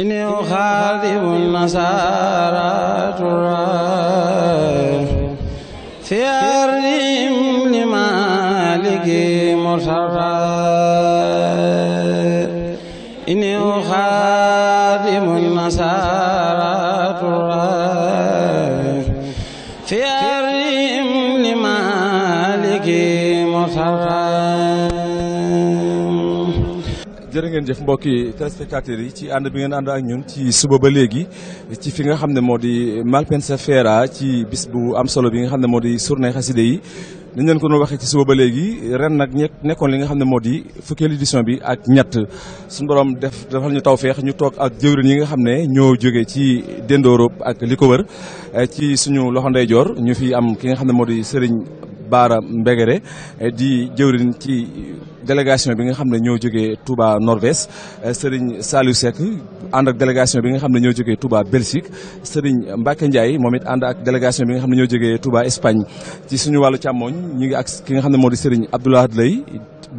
إني أخاذب النصارى ترى في أرضهم لمالك مصرى jërë ngeen jëf mbokki téléspectateurs yi ci ànd bi ngeen ànd ak ñun ci suba ba léegi ci fi nga xam ne moo di Malpensa Fiera ci bis bu am solo bi nga xam ne moo di journée xaside yi dañ leen ko doon waxee ci suba ba léegi ren nag ñett nekkoon li nga xam ne moo di fukkeelu édition bi ak ñett suñu borom def defal ñu taw feex ñu toog ak jëwrin yi nga xam ne ñoo jóge ci Dendorop ak li ko wër eh, ci suñu loxo ndeyjoor ñu fi am ki nga xam ne moo di Serigne Baara Mbegere eh, di jëwrin ci délégation bi nga xam ne ñoo jógee Touba Norvège euh, Serigne Saliou Seck ànd ak délégation bi nga xam ne ñoo jógee Touba Belgique Serigne Mbacke njaay moom it ànd ak délégation bi nga xam ne ñoo jógee Touba Espagne ci suñu wàllu càmmooñ ñu ngi ak ki nga xam ne moo di Serigne Abdoulaye Lay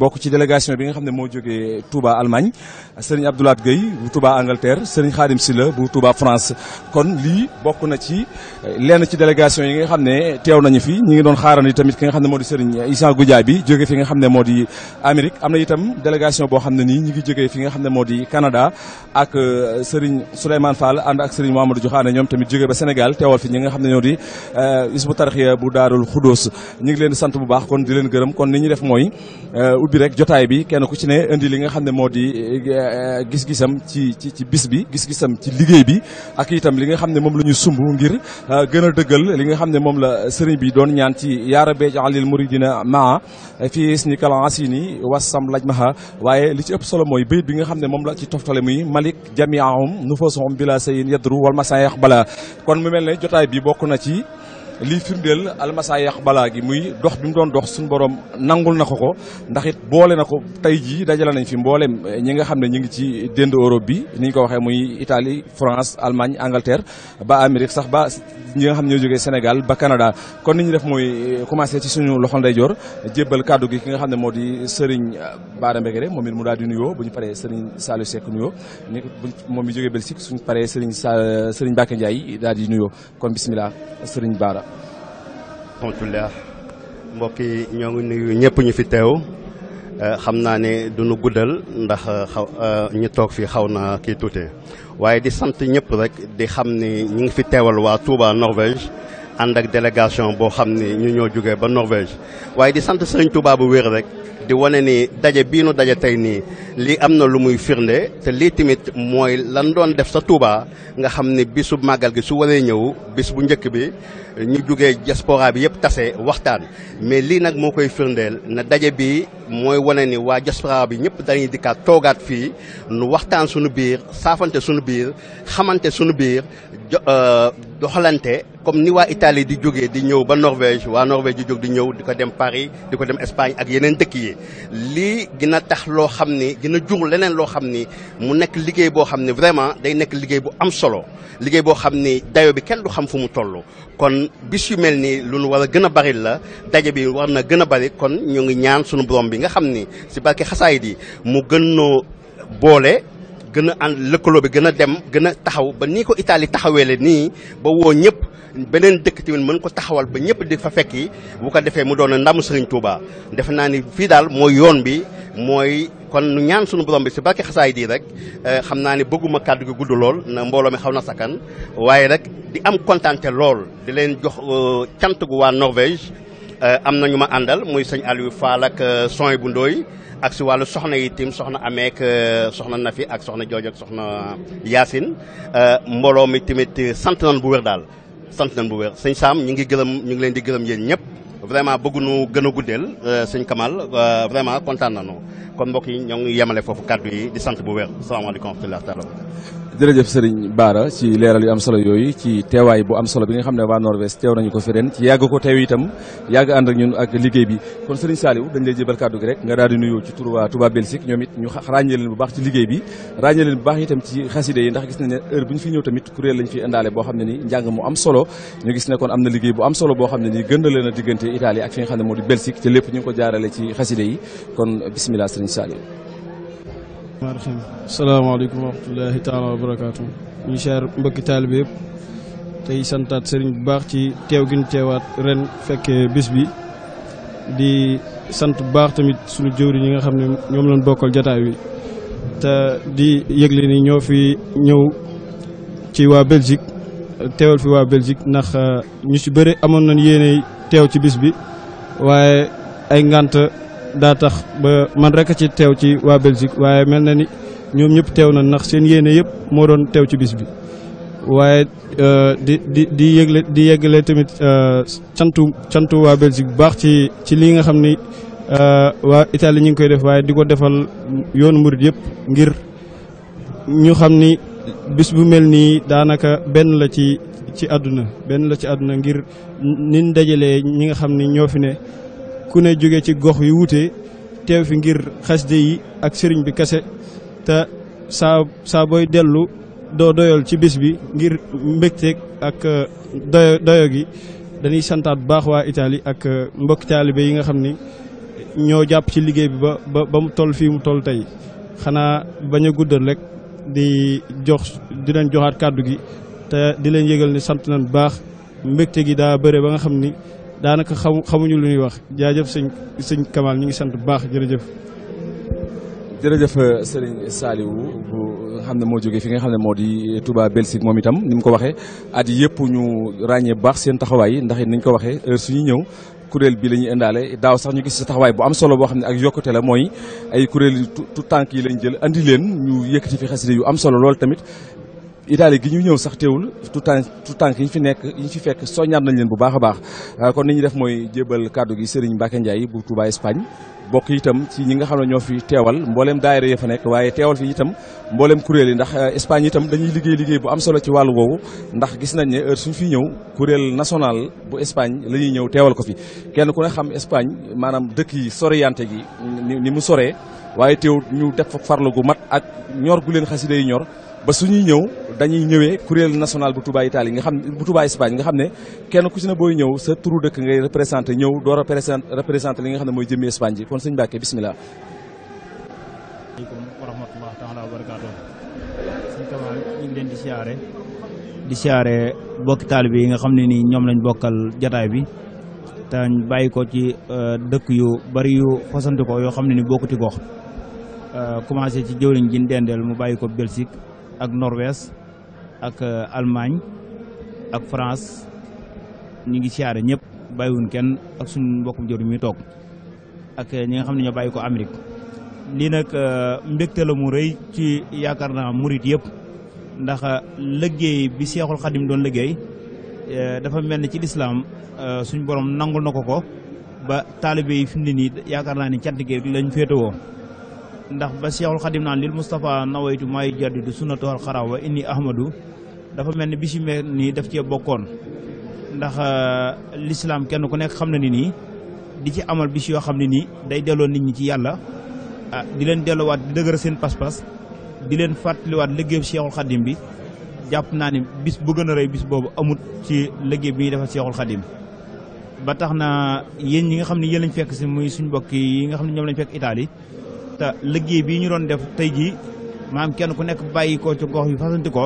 bokk ci délégation bi nga xam ne moo jógee Touba Allemagne Serigne Abdoulaye Gueye bu Touba Angleterre Serigne Khadim Sylla bu Touba France kon lii bokk na ci euh, lenn ci délégation yi nga xam ne teew nañu fi ñi ngi doon xaarandi tamit ki nga xam ne moo di Serigne Issa Goudiaby bi jóge fi nga xam ne moo di Amérique am na itam délégation boo xam ne nii ñu ngi jógee fi nga xam ne moo di Canada ak euh, Serigne Souleymane Fall ànd ak Serigne Mamadou Joxaane ñoom tamit jógee ba Sénégal teewal fi ñi nga xam ne ñoo di euh, Hizbut bu Daarul Xudóos ñu ngi leen di sant bu baax kon di leen gërëm kon ni ñu def mooy euh, ubbi rek jotaay bi kenn ku ci ne indi li nga xam ne moo di gis-gisam ci ci ci bis bi gis-gisam ci liggéey bi ak itam li nga xam ne moom la ñu sumb ngir gën a dëggal li nga xam ne moom la sëriñ bi doon ñaan ci yaara beej alil muridina maa fi isni kal asini wasam laj maha waaye li ci ëpp solo mooy bayit bi nga xam ne moom la ci toftale muy malik jamiahum nufausahum bila sayin yadru wal masayax bala kon mu mel ne jotaay bi bokk na ci li firndeel almasa yàq balaa gi muy dox bi doon dox sun borom nangul nako ko ndax it boole nako tay ji dajala nañ fi mbollem eh, ñi nga xamne ñi ngi ci dënd Europe bi ni ñu ko waxee muy italy France Allemagne Angleterre ba amerique sax ba ñi nga xamne ñu joge senegal ba Canada. kon ni def moy eh, commencé ci suñu loxo jor jébal cadeau gi ki nga xamne modi di Serigne eh, Bara Mbegere moom mu daal di nuyo buñu paré Serigne Saliou sek nuyo ni momi joge jógee Belgique suñu paré Serigne Serigne bakay daal di nuyo kon Bismillah Serigne Bara. rahmatullah mbokk yi ñoo ngi nuyu ñëpp ñu fi teew eh, xam naa ni du nu guddal ndax eh, xaw eh, ñu toog fi xaw na kii tuute waaye di sant ñëpp rek di xam ni ñu ngi fi teewal waa Touba Norvège ànd ak délégation boo xam ni ñu ñoo jógee ba Norvège waaye di sant Serigne Touba bu wér rek. di wane ni daje bii nu daje tey nii lii am na lu muy firnde te lii tamit mooy lan doon def sa Touba nga xam ni bisu màggal gi su waree ñëw bis bu njëkk bi ñu jóge diaspora bi yëpp tase waxtaan mais lii nag moo koy firndeel na daje bi mooy wane ni waa diaspora bi ñëpp dañuy dikkaat toogaat fii nu waxtaan suñu biir saafante suñu biir xamante suñu biir euh, doxalante comme ni waa Italie di jógee di ñëw ba Norvège waa Norvège di jóg di ñëw di ko dem Paris di ko dem Espagne ak yeneen dëkk yi lii dina tax loo xam ni dina jur leneen loo xam ni mu nekk liggéey boo xam ne vraiment day nekk liggéey bu am solo liggéey boo xam ni dayo bi kenn du xam fu mu toll. kon bis yu mel ni lu nu war a gën a bari la daje bi war na gën a bari kon ñu ngi ñaan sunu borom bi nga xam ni si barke xasaay di mu gën noo boole. gën a ànd lëkkaloo bi gën a dem gën a taxaw ba nii ko Italie taxawee la nii ba woo ñëpp beneen dëkk tamit mën ko taxawal ba ñëpp di fa fekki yi bu ko defee mu doon a ndamu Serigne Touba. defe naa ni fii daal mooy yoon bi mooy kon nu ñaan suñu borom bi si barke xasaay di rek eh, xam naa ne bëgguma kàddu gi gudd lool na mbooloo mi xaw na sakkan waaye rek di am kontante lool di leen jox eh, cant gu waa Norvège eh, am na ñu ma àndal muy sëñ Aliou Fall ak Soy bu Ndoy ak si wàllu soxna yi tim soxna ameek euh, soxna Nafi ak soxna Joojo ak soxna Yaasin euh, mbooloo mi tamit euh, sant nañ bu wér daal sant nañ bu wér sëñ Saam ñu ngi gërëm ñu ngi leen di gërëm yéen ñëpp vraiment bëgguñu gën a guddeel sëñ Kamal vraiment kontaan nañu kon mbokk yi ñoo ngi yemale foofu kàddu yi di sant bu wér salaamaaleykum wa rahmatulah taala jërëjëf sëriñ Baara ci leeral yu am solo yooyu ci teewaay bu am solo bi nga xam ne waa Norvège teew nañu ko fi ren ci yàgg ko teew itam yàgg ànd ak ñun ak liggéey bi kon sëriñ Saliou dañ lay jébal kàddu gi rek nga daal di nuyu ci turu waa Touba Belgique ñoom it ñu ràññee leen bu baax ci liggéey bi ràññee leen bu baax itam ci xaside yi ndax gis nañ ne heure bu ñu fi ñëw tamit kuréel lañ fi indaale boo xam ne ni njàng mu am solo ñu gis ne kon am na liggéey bu am solo boo xam ne ni gën na leen a diggante Italie ak fi nga xam ne moo di Belgique yi kon bismillah sëriñ Saliou rahim salaamaaleykum wa rahmatulahi taala wa barakaatu ñu cher mbokki tey santaat sëriñ bu baax ci teew gi ñu teewaat ren fekkee bis bi di sant bu baax tamit suñu jëwriñ yi nga xam ne ñoom lañ bokkal jataay wi te di yëgle ni ñoo fi ñëw ci waa Belgique teewal fi waa Belgique ndax ñu ci bëri amoon nañ yéene teew ci bis bi waaye ay ngànt daa tax ba man rek ci teew ci waa Belgique waaye mel na ni ñoom ñëpp teew na ndax seen yéene yëpp moo doon teew ci bis bi. waaye euh, di di di yëgle di yëgle tamit euh, cantu cantu waa Belgique bu baax ci ci lii nga xam ni euh, waa Italie ñu ngi koy def waaye di ko defal yoonu murit yëpp ngir ñu xam ni bis bu mel nii daanaka benn la ci ci àdduna benn la ci àdduna ngir nin dajalee ñi nga xam ni ñoo fi ne. ku ne joge ci gox yu wuté téw fi ngir xasdé yi ak sëriñ bi kassé te sa sa boy delu do doyal ci bis bi ngir mbégteeg ak uh, doyo doyo gi dañi tad bax wa itali ak uh, mbok talibé yi nga xamni ño japp ci liggéey bi ba ba mu toll fi mu toll tay xana baña guddal rek di jox di len joxat kaddu gi te di len yëgal ni sant nañ bax mbégte gi da bëré ba nga xamni daanaka xamu xamuñu lu ñuy wax jaajëf sëñ sëñ Kamal ñu ngi sant bu baax jërëjëf. jërëjëf euh, Serigne Saliou bu xam ne moo jógee fi nga xam ne moo di tubaab Belgique moom itam ni mu ko waxee at yëpp ñu ràññee baax seen taxawaay ndax it ni ko waxee heure suñu ñëw. kuréel bi la indaale daaw sax ñu gis sa taxawaay bu am solo boo xam ne ak yokkute la mooy ay kuréel yu tout tànk yi lañ jël andi leen ñu yëkkati fi xasida yu am solo lool tamit Italie gi ñu ñëw sax teewul tout temps tout temps yi ñu fi nekk yi ñu fi fekk soñaan nañ leen bu baax a baax euh, kon ni ñuy def mooy jébal kàddu gi Serigne Mbacke Ndiaye bu Touba Espagne bokk itam ci ñi nga xam ne ñoo fi teewal mbooleem daayira ya fa nekk waaye teewal fi itam mbooleem kuréel yi ndax euh, Espagne itam dañuy liggéey liggéey bu am solo ci wàllu woowu ndax gis nañ ne heure suñu fi ñëw kuréel national bu Espagne la ñuy ñëw teewal ko fi kenn ku ne xam Espagne maanaam dëkk yi soriyante gi ni mu soree waaye teew ñu def farlu gu mat ak ñor gu leen xasida yi ñor ba suñuy ñuy ñëw dañuy ñëwee kuréel national bu Touba Italie nga bu Touba Espagne nga xam ne kenn ku ci ne booy ñëw sa turu dëkk ngay représenté ñëw doo représenté li nga xam ne mooy jëmmi Espagne ji kon sëñ Mbàkke bisimilah. asalaamaaleykum wa rahmatulah taala wa barakaatu. sëñ Kamaal di siyaare bokki taalibe yi nga xam ne nii ñoom lañ bokkal jataay bi te bàyyi ko ci euh, dëkk yu bari yu fasante ko yoo xam ne ni bokkuti gox euh, commencé ci jëwriñ ji ñu dendeel mu bàyyi ko Belgique. ak norwees ak euh, Allemagne ak France ñu ngi siyaare ñëpp bàyyiwun kenn ak suñu mbokkum jëru mi toog ak euh, ñi nga xam ne ñoo bàyyi ko Amérique lii nag euh, mbégte la mu rëy ci yaakaar naa murit yëpp ndax liggéey bi Seexul Xadim doon liggéey dafa mel ni ci lislaam suñu borom nangul na ko ko ba taalibe yi fi mu ne nii yaakaar naa ni cant gi lañ féetewoo ndax ba Seexul Xadim naan lil Moustapha nawaytu maay jaddidu sunnatuwal xara wa inni ahmadu dafa mel ni bi si mel nii def cee bokkoon ndax euh, lislaam kenn ku nekk xam na ni nii di ci amal bis yoo xam ne nii day delloo nit ñi ci yàlla ah di leen delloowaat di dëgër seen pas-pas di leen fàttaliwaat liggéeyu Seexul xaddim bi jàpp naa ni bis bu gën a rëy bis boobu amut ci liggéey bi ñuy defal Seexul Xadim ba tax na yéen ñi nga xam ne yéen lañ fekk si muy suñ mbokk yi nga xam ne ñoom lañ fekk Italie te liggéey bii ñu doon def tey jii maam kenn ku nekk bàyyi ko ci gox yu fasanti ko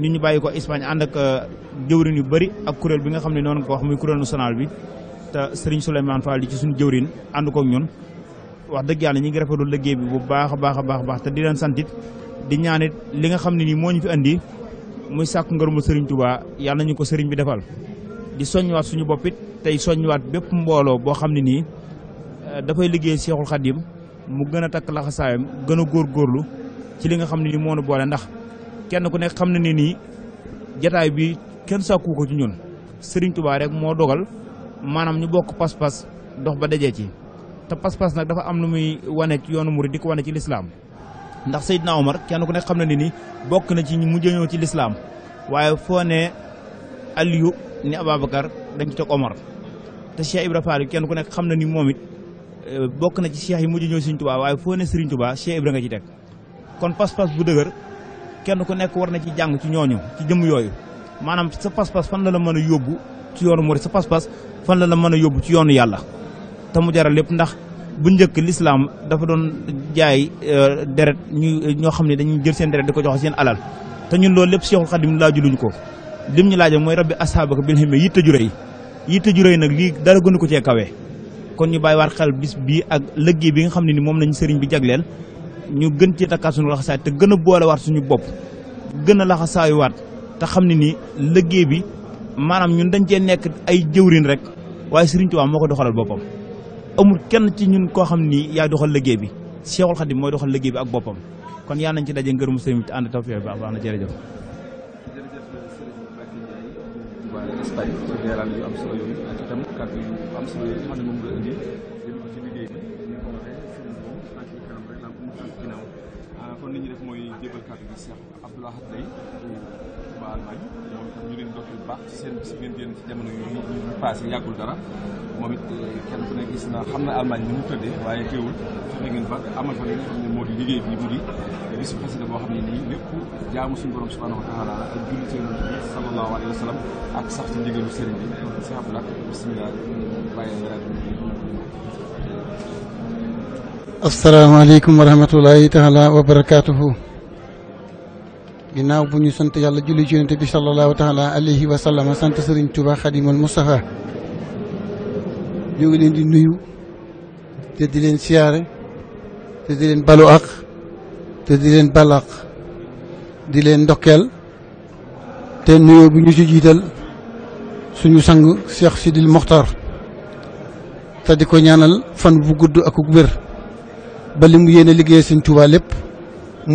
nit ñu bàyyi ko Espagne ànd ak uh, jëwrin yu bari ak kuréel bi nga xam ne noonu ko wax muy kuréel national bi te Serigne Souleymane Fall di ci suñu jëwrin ànd kook ñun wax dëgg yàlla ñu ngi rafetlu liggéey bi bu baax a baax baax te di leen santit di ñaanit li nga xam ne nii moo ñu fi indi muy sàkk sàkku ngërëmu Serigne Touba yàlla ñu ko sëriñ bi defal di soññwaat suñu boppit tey soññwaat bépp mbooloo boo xam ne nii uh, dafay liggéey Seexul Xadim mu gën a takk laxasaayam gën a góorlu ci li nga xam ne nii moo nu boole ndax kenn ku nekk xam na ni nii jataay bi kenn sàkku ko ci ñun Serigne Touba rek moo dogal maanaam ñu bokk pas-pas dox ba dajee ci te pas-pas nag dafa am lu muy wane ci yoonu murid di ko wane ci lislaam ndax Seydina Omar kenn ku nekk xam na ni ni bokk na ci ñu mujj ñëw ci lislaam waaye foo ne Aliyu ni Ababacar dañ ci teg Omar te Cheikh Ibra Fall kenn ku nekk xam na ni moom bokk na ci cheikh yi mujj ñëw Serigne Touba waaye foo ne Serigne Touba Cheikh Ibra nga ci teg kon pas-pas bu dëgër kenn ku nekk war na ci jàng ci ñooñu ci jëm yooyu maanaam sa pas-pas fan la la mën a yóbbu ci yoonu murid sa pas-pas fan la la mën a yóbbu ci yoonu yàlla te mu jaral lépp ndax bu njëkk lislaam dafa doon jaay euh, deret ñu ñoo xam ne dañu jël seen deret di ko jox seen alal te ñun loolu lépp Cheikhul Khadim laajuluñ ko lim ñu laajal mooy rabbi asaabaka bil himma yitte ju rëy yitte ju rëy nag lii dara gënu ko cee kawe kon ñu bàyyiwaat xel bis bii ak liggéey bi nga xam ne ni moom lañu sëriñ bi jagleel ñu gën ci takkaat suñu laxasaay te gën a boolewaat suñu bopp gën a waat te xam ne ni liggéey bi maanaam ñun dañu cee nekk ay jëwrin rek waaye sëriñ Tuubaa moo ko doxalal boppam amul kenn ci ñun koo xam ni yaay doxal liggéey bi Seexul Xadim mooy doxal liggéey bi ak boppam kon yaa nañ ci daje ngërëmu sëriñ bi te ànd tawfeex bi baax na jërëjëf Touba Espagne ci leeral yu am solo yooyu ak itam jëbal kàddu gi Cheikh Abdou Lahad Lay waa Allemagne moom itam ñu leen doxal baax ci seen si ngeen yéen ci jamono yu ñu passé yàggul dara moom it eh, kenn ku ne gis na xam na Allemagne ni mu tëddee waaye teewul fexe ngeen ba amal fa li nga xam ne moo di liggéey bi mu di bisu xasida boo xam ne nii lépp jaamu suñu borom subhanahu wa taala ak julli ci yonent bi sallallahu alayhi wa sallam ak sax ci ndigalu sëriñ bi Cheikh Abdou Lahad bisimilah bàyyi la asalaamaaleykum wa rahmatulahi taala wa barakaatuhu ginnaaw bu ñu sant yàlla julli ci yonent bi sallallahu taala alayhi wa sallam sant Serigne Touba Xadimul Moustapha ñu ngi leen di nuyu te di leen siyaare te di leen balu ak te di leen balaq di leen ndokkeel te nuyoo bi ñu ci jiital suñu sang Cheikh Sidil Mokhtar te di ko ñaanal fan bu gudd ak wér ba li mu yéene liggéey Serigne Touba lépp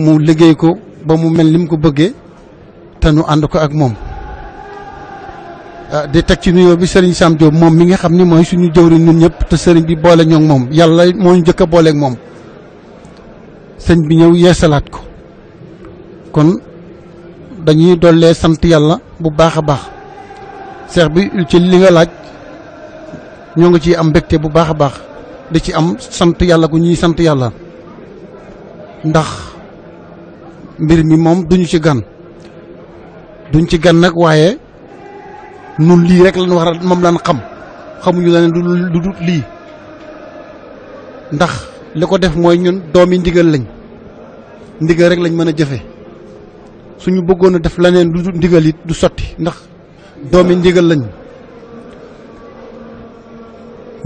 mu liggéey ko. ba mu mel lim ko bëggee te nu ànd ko ak moom ah, di teg ci nuyoo bi Serigne Sam Diop moom mi nga xam ni mooy suñu jëwri ñun ñëpp te sëriñ bi boole ñoo moom yàlla moo ñu njëkk a booleeg moom bi ñëw yeesalaat ko kon dañuy dollee sant yàlla bu baax a baax seex bi ci li nga laaj ñoo ngi ci am mbégte bu baax a baax di ci am sant yàlla ku ñuy sant yàlla ndax mbir mi moom duñu ci gan duñ ci gan nag waaye nun lii rek lan war moom lan xam xamuñu la ne du du lii ndax li ko def mooy ñun doomi ndigal lañ ndigal rek lañ mën a jëfe suñu bëggoon a def leneen lu dul ndigal it du sotti ndax doomi ndigal lañ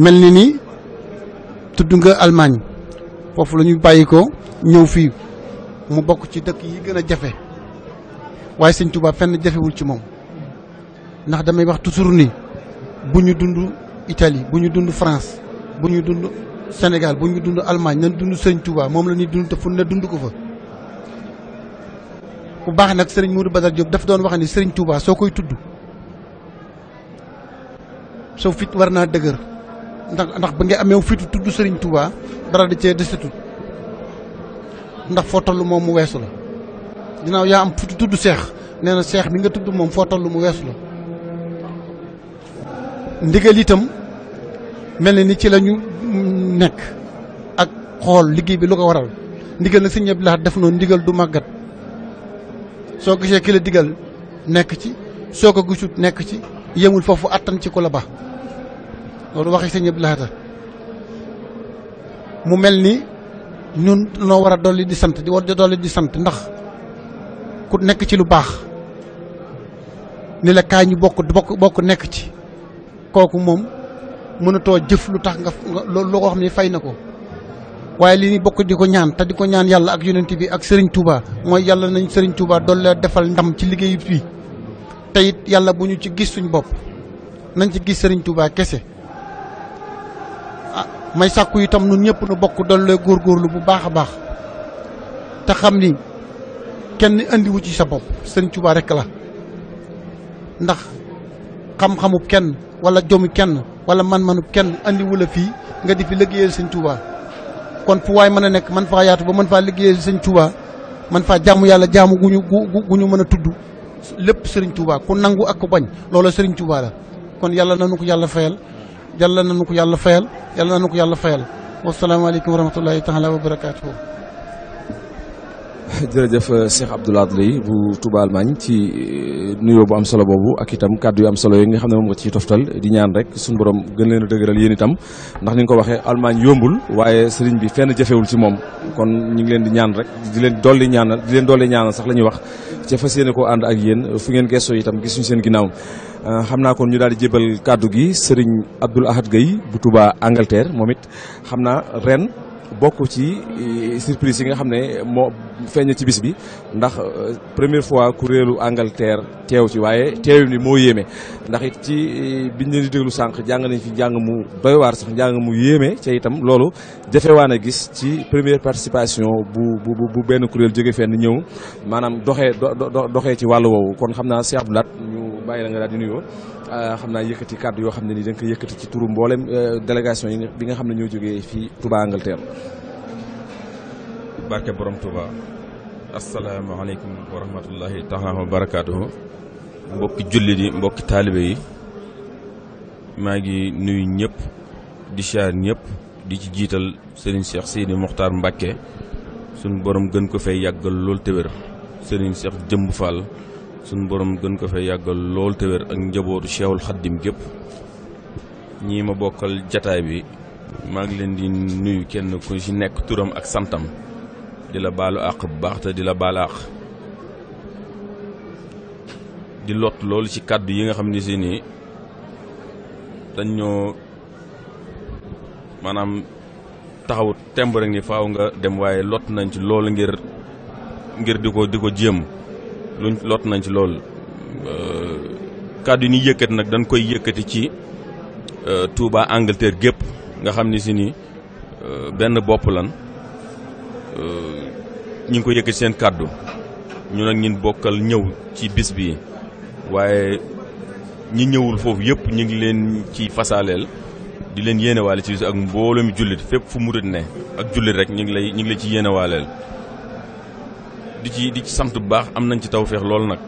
mel ni ni tudd nga Allemagne foofu lañuy ñu bàyyi ko ñëw fii mu bokk ci dëkk yi gën a jafe waaye sëñ Touba fenn jafewul ci moom ndax damay wax toujours ni bu ñu dund Italie bu ñu dund France bu ñu dund Sénégal bu ñu dund Allemagne nañ dund sëñ Touba moom la ñuy dund te fu ne dund ko fa. bu baax nag sëriñ Mourou Badar Diop daf doon wax ni Serigne Touba soo koy tudd soo fit war naa dëgër ndax ndax ba nga amee fitu tudd sëriñ Touba dara da cee desatul. ndax foo toll mu wessu la ginnaaw ya am fu tuddu cheikh neena cheikh seex bi nga tuddu mom foo toll mu wessu la ndigal itam melni ni ci lañu nek ak xol liggéey bi lu ko waral ndigal na seigne abdullah def noonu ndigal du magat soo gisee digal nek ci soo ko gisut ci yemul fofu atan ci ku la ba loolu waxe seigne abdullah ta mu melni ñun noo war a dolli di sant di war a dolli di sant ndax ku nekk ci lu baax ni la kaay ñu bokk bokk bokk nekk ci kooku moom mënatoo jëf lu tax nga loo ko xam ne fay na ko waaye li ni bokk di ko ñaan te di ko ñaan yàlla ak yonent bi ak sëriñ tuubaa mooy yàlla nañ Serigne tuubaa dool la defal ndam ci liggéey bi te it yàlla bu ñu ci gis suñ bopp nañ ci gis sëriñ tuubaa kese. may sàkku itam nun ñëpp nu bokk dolle góorgóorlu bu baax a baax te xam ni kenn indiwu ci sa bopp sëñ Tuubaa rekk la ndax xam-xamu kenn wala jomi kenn wala man-manu kenn andiwu la fii nga di fi liggéeyal sëñ Tuubaa kon fu waay mën a nekk man faa yaatu ba mën faa liggéeyal sëñ Tuubaa man faa jaamu yàlla jaamu guñu gu gu ñu mën a tudd lépp sëriñ Tuubaa ku nangu ak ku bañ loola sëriñ Tuubaa la kon yàlla nanu ko yàlla fayal yàlla nañu ko yàlla fayal yàlla nañu ko yàlla fayal wasalaamaaleykum wa rahmatullahi taala wa barakaatuhu jërëjëf euh, Cheikh Abdoul Ahad Leye bu Touba Allemagne ci euh, nuyoo bu am solo boobu ak itam kàddu yu am solo yi nga xam ne moom nga ciy toftal di ñaan rek suñu borom gën leen a dëgëral yéen itam ndax ni nga ko waxee Allemagne yombul waaye sëriñ bi fenn jafewul ci moom kon ñu ngi leen di ñaan rek di leen dolli ñaanal leen dolli ñaanal sax la ñuy wax ca fas yéene koo ànd ak yéen fu ngeen gëstoo itam gisuñu seen ginnaaw Euh, xam naa kon ñu daal di jébal kàddu gi sëriñ Abdoul Ahad Gueye bu Touba Angleterre moom it xam naa ren. bokk ci euh, surprise yi nga xam ne moo feeñ ci bis bi ndax euh, première fois kuréelu Angleterre teew ci waaye teewim ni moo yéeme ndax it ci euh, biñ leen di déglu sànq jàng nañ fi njàng mu doy waar sax njàng mu yéeme ca itam loolu jafewaan a gis ci première participation bu bu bu benn kuréel jege fenn ñëw maanaam doxee doxee ci wàll woowu kon xam naa Cheikh Abdou Lahat ñu bàyyi la nga daal di nuyoo Euh, xam naa yëkkati kàddu yoo xam ne nii da nga yëkkati ci turu mboolem euh, délégation yi bi nga xam ne ñoo jógee fii Touba Angleterre. barke borom Touba. asalaamaaleykum wa rahmatullahi taala wa barakaatuhu. mbokki jullit yi mbokki taalibe yi. maa ngi nuyu ñëpp di siyaar ñëpp di ci jiital Serigne Cheikh Sidi Mokhtar Mbacke. sunu borom gën ko fay yàggal lool te wér Serigne Jëmb Fall. suñu borom gën ko fay yàggal lool te ak njabootu Cheikhul Xaddim gépp ñii ma bokkal jataay bi maa ngi leen di nuyu kenn ku ci nekk turam ak santam di la baalu àq bu baax te di la baalu àq di lot loolu ci kàddu yi nga xam ne si nii dañ ñoo maanaam taxaw temb rek ni faaw nga dem waaye lot nañ ci loolu ngir ngir di ko di ko jéem luñ lot nañ ci lool euh, kàddu yi ñuy yëkkati nag dañ koy yëkkati ci euh, Touba Angleterre gépp nga xam ni si ni euh, benn bopp lan ñu ngi ko yëkkati seen kàddu ñu nag ñun bokkal ñëw ci bis bi waaye ñu ñëwul foofu yëpp ñu ngi leen ci fasaaleel di leen yéenewaaleel ci bis ak mbooloo mi jullit fépp fu murit ne ak jullit rek ñu ngi lay ñu ngi lay ci yéenewaaleel di ci di sant bu baax am nañ ci tawféex loolu nag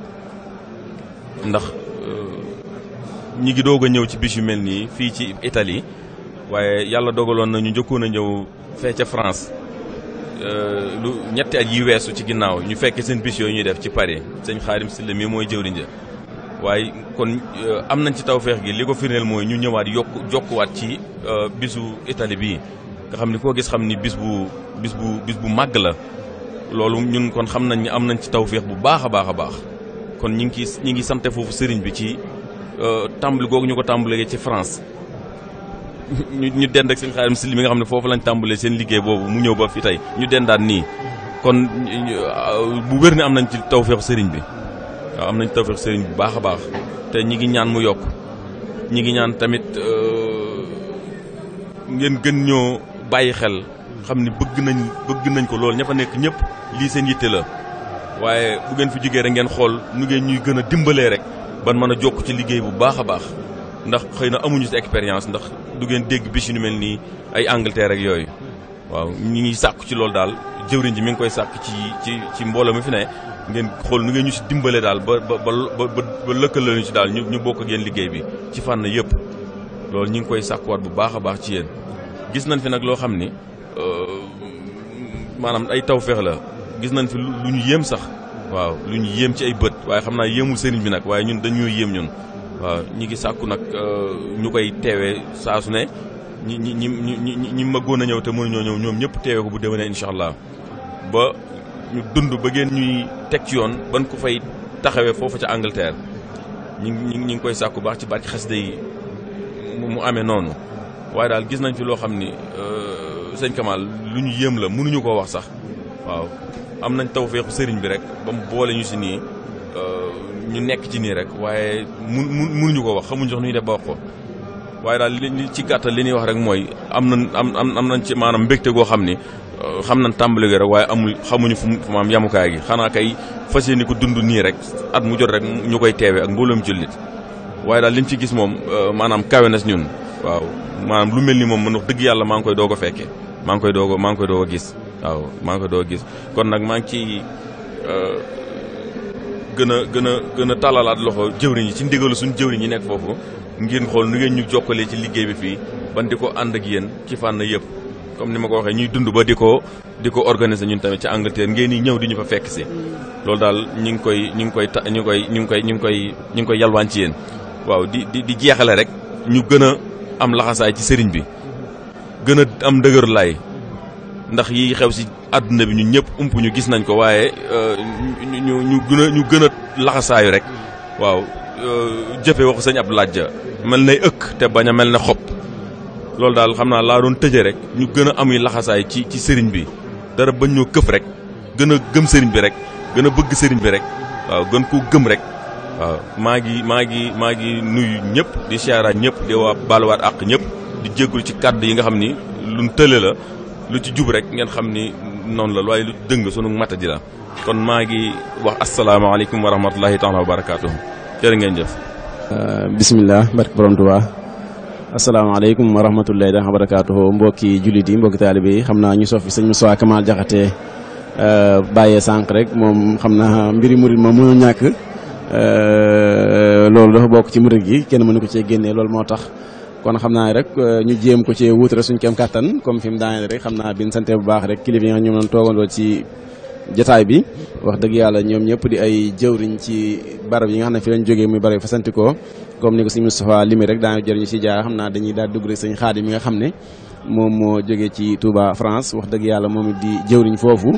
ndax euh, ñi ngi doog a ñëw ci bis yu mel nii fii ci itali waaye yàlla dogaloon na ñu njëkkoon a ñëw fee ca France euh, lu ñetti at yi weesu ci ginnaaw ñu fekkee seen bis yooyu ñuy def ci Paris sëñ Xaadim Silla mii mooy jëwriñ ja waaye kon euh, am nañ ci tawféex gi li ko firndeel mooy ñu ñëwaat yokk jokkuwaat ci bisu itali bi nga xam ni koo gis xam ni bis bu bis bu bis bu màgg la loolu ñun kon xam nañ ne am nañ ci tawféex bu baax a baax a baax kon ñu ngi ciy ñu ngi sante foofu sëriñ bi ci euh, tàmbali googu ñu ko tàmbalee ci France. ñu dend ak seen xaarim si li mi nga xam ne foofu lañ tàmbalee seen liggéey boobu mu ñëw ba fi tey ñu dendaan nii kon euh, bu wér ne am nañ ci tawféex sëriñ bi waaw am nañ tawféex sëriñ bu baax a baax te ñi ngi ñaan mu yokk ñi ngi ñaan tamit euh, ngeen gën ñoo bàyyi xel. xam ni bëgg nañ bëgg nañ ko lool ña fa nekk ñëpp lii seen yitte la waaye bu ngeen fi jógee rek ngeen xool nu ngeen ñuy gën a dimbalee rek ban mën a jokk ci liggéey bu baax a baax ndax xëy na amuñu si expérience ndax du ngeen dégg bi si yu mel nii ay Angleterre rek yooyu waaw ñu ngi sàkku ci loolu daal jëwriñ ji mi ngi koy sàkk ci ci ci mbooloo mi fi ne ngeen xool nu ngeen ñu si dimbalee daal ba ba ba ba lëkk ñu ci daal ñu ñu bokk ak yéen liggéey bi ci fànn yëpp loolu ñu ngi koy sàkkuwaat bu baax a baax ci yéen gis nañ fi nag loo xam ni Euh, maanaam ay tawféex la gis nañ fi lu ñu yéem sax waaw lu ñu yéem ci ay bët waaye xam naa yéemu sëriñ bi nag waaye ñun dañoo yéem ñun waaw ñi ngi sàkku nag euh, ñu koy teewee saa su ne ñi ñi ñi ñi ñi mëggoon a ñëw te mënuñoo ñëw ñoom ñëpp teewee ko bu déwénee incha allah ba ñu dund ba ngeen ñuy teg ci yoon ban ko fay taxawee foofu ca Angleterre ñi ngi ñi koy sàkku baax ci barke xasida yi mu amee noonu waaye daal gis nañ fi loo xam ni euh, sëñ Kamal lu ñu yéem la mënuñu koo wax sax waaw am nañ taw tawféexu sëriñ bi rek ba mu boole ñu si nii euh, ñu nekk ci nii rek waaye mun mënuñu ko wax xamuñ sax nu ñu def ba wax ko waaye daal li ci gàttal li ñuy wax rek mooy am na am am nañ ci maanaam mbégte goo xam ni euh, xam na tàmbali gi rek waaye amul xamuñu fu mu maam yamukaay gi xanaa kay fas yéene ku dund nii rek at mu jot rek ñu koy teewee ak mbooloom jullit waaye daal liñ ci gis moom euh, maanaam kawe na si waaw maanaam lu mel ni moom man wax dëgg yàlla maa ngi koy doog a fekkee maa ngi koy doog a maa ngi koy doog a gis waaw maa ngi koy doog a gis kon nag maa ngi ci euh, gën a gën a gën a tàllalaat loxo jëwriñ yi ci ndigalu suñu jëwriñ yi nekk foofu ngeen xool nu ngeen ñu jokkalee ci liggéey bi fii ban di ko ànd ak yéen ci fànn yëpp comme ni ma ko waxee ñuy dund ba di ko di ko organiser ñun tamit ci Angleterre ngeen di ñëw di ñu fa fekk si loolu daal ñu ngi koy ñu ngi koy ta ñu ngi koy ñu ngi koy ñu ngi koy ñu ngi koy yalwaan ci yéen waaw di di di jeexale rek ñu gën a am laxasaay ci sëriñ bi gën a am dëgër lay ndax yi xew si àdduna bi ñu ñëpp ump ñu gis nañ ko waaye euh, ñu ñu gën a ñu gën a laxasaayu rek waaw euh, jëfe waxu sëñ ab laaj ja mel nay ëkk te bañ a mel na xob loolu daal xam naa laa doon tëje rek ñu gën a amuy laxasaay ci ci sëriñ bi dara bañ ñoo këf rek gën a gëm sëriñ bi rek gën a bëgg sëriñ bi rek waaw gën koo gëm rek magi euh, maa ngi maa nuyu ñëpp di siyaara ñëpp di wa baluwaat ak ñëpp di jéggul ci kàddu yi nga xam ni luñ tële la lu ci jub rek ngeen xam ni la waaye lu dëng sunu mata jila. la kon maa ngi wax asalaamaaleykum wa rahmatullahi taala wa barakaatuhu jërë ngeen jëf euh, bismillah barke borom tuba asalaamaaleykum wa rahmatullahi taala wa barakaatuhu mbokki julit yi mbokki taalibe yi xam naa ñu sofi fi sëñ Moussa Kamal Jaxate euh, bàyyee sànq rek moom xam mbiri murit ñàkk Euh, loolu dafa bokk ci murit gi kenn mënu ko cee génnee loolu moo tax kon xam naa rek euh, ñu jéem ko cee wuutale suñ kem kàttan comme fi mu daanee rek xam naa biñ sante bu baax rek kilifa yi nga jataay bi wax dëgg yàlla ñoom ñëpp di ay jëwriñ ci barab yi nga xam ne fi lañ jógee muy barab yi fa sant ko comme ni ko sëñ Moustapha limi rek daana jëriñu si jaar xam naa dañuy daal dugg rek sëñ Xaadim mi nga xam ne moom moo jógee ci Touba France wax dëgg yàlla moom di jëwriñ foofu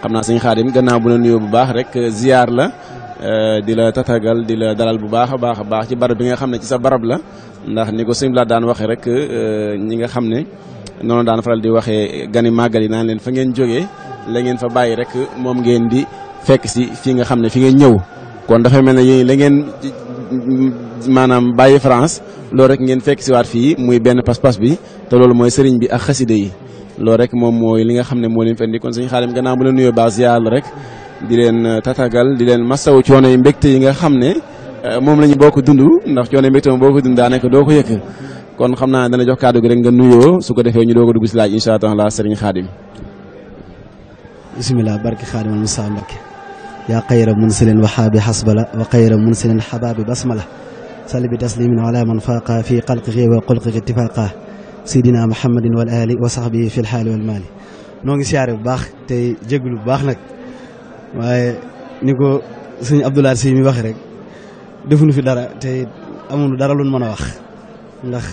xam naa sëñ Xaadim gannaaw bu na nuyoo bu baax rek ziar la Eh, dila tatagal dila dalal bu baakha baakha baax ci barab bi nga xamne ci sa barab la ndax ni ko seigne laa daan waxe rek eh, ñi nga xamne nono daan faral di waxe gani magali naan fa ngeen joge la ngeen fa bayyi rek mom ngeen di fekk ci fi nga xamne fi ngeen ñew kon dafa melni yi la ngeen manam bayyi France lo rek ngeen fekk ci waat fi muy ben pas pass bi te lolu moy serigne bi ak khasside yi lo rek mom moy li nga xamne mo moo leen fi indi kon seigne mu nuyo ba ziar rek dilen tatagal dilen massaw masawu coono yi yi nga xamné mom lañu boku dundu ndax coono mbekté mom boku boo ko dund daanaka doo ko yek kon xamna dana jox cadeau gi rek nga nuyo su ko defé ñu doog a dugg si laaj incha allah serigne khadim bismillah barki khadim al musa barki ya xayra munsilin wa habi hasbala wa xayra munsilin xabaabi basmala sali bi taslimin ala man faqa fi qalqihi wa xulqihi ittifaqa سيدنا محمد والآل وصحبه في الحال والمال نونغي سياري maali noo ngi siyaare bu baax waaye ni ko sëñ Abdoulaye Sy mi waxee rek defuñu fi dara te amul dara luñ mën a wax ndax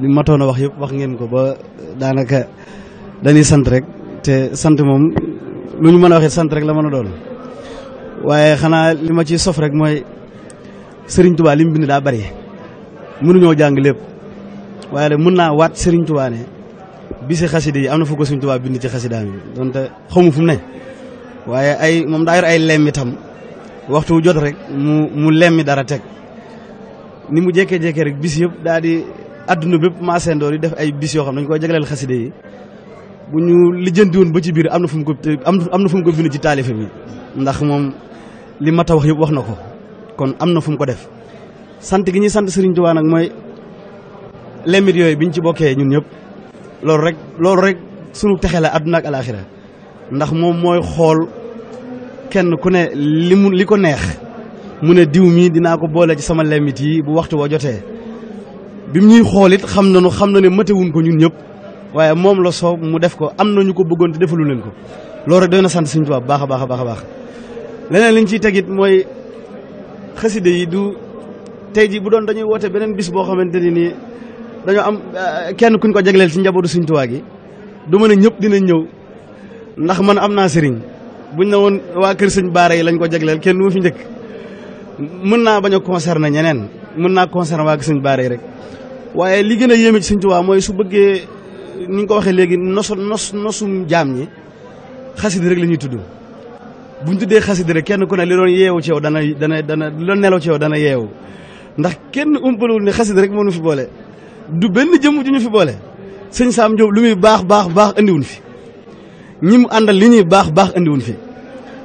li matoon a wax yëpp wax ngeen ko ba daanaka dañuy sant rek te sant moom lu ñu mën a waxee sant rek la mën a doon waaye xanaa li ma ciy sof rek mooy sëriñ Touba li mu bind daa bari mënuñoo jàng lépp waaye nag mën naa waat Serigne Touba ne bi si xasida yi am na fu ko Serigne Touba bind ci xasidaam yi donte xamu fu ne waaye ay moom daa yor ay lemmi tam waxtu wu jot rek mu mu lemmi dara teg ni mu jékkee-jékkee rek bis yëpp daal di adduna bépp maasendoor yi def ay bis yoo xam dañu koy jagleel xaside yi bu ñu lijjanti woon ba ci biir am na fu mu ko am na fu mu ko bind ci taalife bi ndax moom li mat a wax yëpp wax na ko kon am na fu mu ko def sant gi ñuy sant Serigne waa nag mooy lemmit yooyu biñ ci bokkee ñun ñëpp loolu rek loolu rek sunu texe la adduna ak kenn ku ne li mu li ko neex mu ne diw mii dinaa ko boole ci sama lemit yi bu waxtu wa jotee bi mu ñuy xoolit xam nañu xam na ne matewuñ ko ñun ñëpp waaye moom la soob mu def ko am na ko bëggoon te defalu leen ko loolu rek doy na sant Sëriñ Tuubaa baax a baax baax leneen liñ ciy tegit mooy xasida yi du tey ji bu doon dañuy woote beneen bis boo xamante ni nii dañoo am eh, kenn kuñ ko jagleel ci njabootu Sëriñ Tuubaa gi du mën a ñëpp dina ñëw ndax man am naa sëriñ buñ na woon waa kër sëñ baare yi lañ ko jagleel kenn du fi njëkk mën naa bañ a concerner ñeneen mën naa concerner waa kër sëñ Baara yi rek. waaye li gën a yéeme ci sëñ Tuubaa mooy su bëggee ni nga ko waxee léegi nosu nos nosum jaam ñi xasida rek la ñuy tudd. buñ ñu tuddee xasida rek kenn ku ne li doon yeewu ci dana dana dana li doon nelaw ci dana yeewu ndax kenn umpalewul ne xasida rek moo nu fi boole du benn jëmm ju ñu fi boole sëñ Saam Jóob lu muy baax baax baax andiwuñ fi. ñi mu àndal li ñuy baax baax andiwuñ fi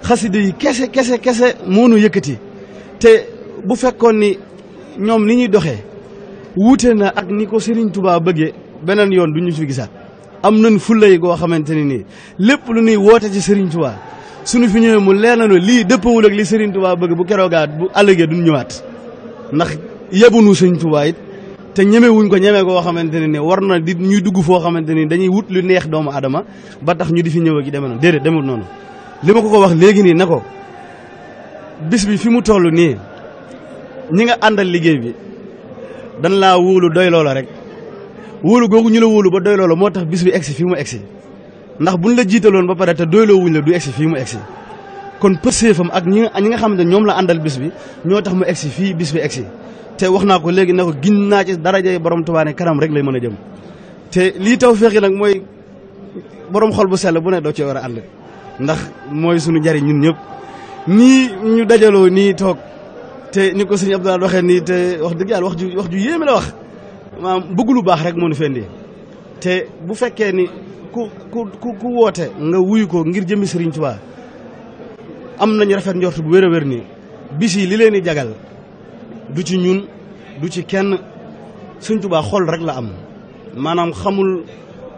xasida yi kese kese kese moonu yëkkati te bu fekkoon ni ñoom li ñuy doxee wuute na ak ni ko Serigne Touba bëggee beneen yoon du ñu fi gisaat. am nañ fulay goo xamante ne nii lépp lu ñuy woote ci Serigne Touba suñu fi ñëwee mu leer na lii dëppawul ak li Serigne Touba bëgg bu keroogaat bu àllëgee duñ ñëwaat ndax yebunu Serigne Touba té ñëmé wuñ ko ñëmé goo xamanteni ne warna di ñuy dugg fo xamanteni dañuy wut lu neex doomu adama ba tax ñu di fi ñëw ak dem na dédé legini, demul noonu li ko ko wax légui ni nako bis bi fi mu tollu ni ñi nga andal liggéey bi dan la wulu doy rek wulu gogu ñu la wulu ba doy loola motax bis bi exi fi mu exi ndax buñ la jitalon ba té te lo wuñ la du exi fi mu exi kon perséfam ak ñi nga xamanteni ñom la andal bis bi ñotax mu exi fi bis bi exi te wax naa ko léegi ne ko gin naa ci daraja borom Tuubaa ne kanam rek lay mën a jëm te lii taw féexi nag mooy borom xol bu sell bu ne doo ci war a ànd ndax mooy suñu njariñ ñun ñëpp nii ñu dajaloo nii toog te ni ko sëñ Abdoulaye waxee nii te wax dëgg yàlla wax ju wax ju yéeme la wax maanaam bëgg lu baax rek moo ñu fendi te bu fekkee ni ku ku ku woote nga wuyu ko ngir jëmmi Sëriñ Tuubaa am nañu rafet njort bu wér a wér nii bis yi li leen di jagal du ci ñun du ci kenn Sëñ Tuubaa xol rek la am maanaam xamul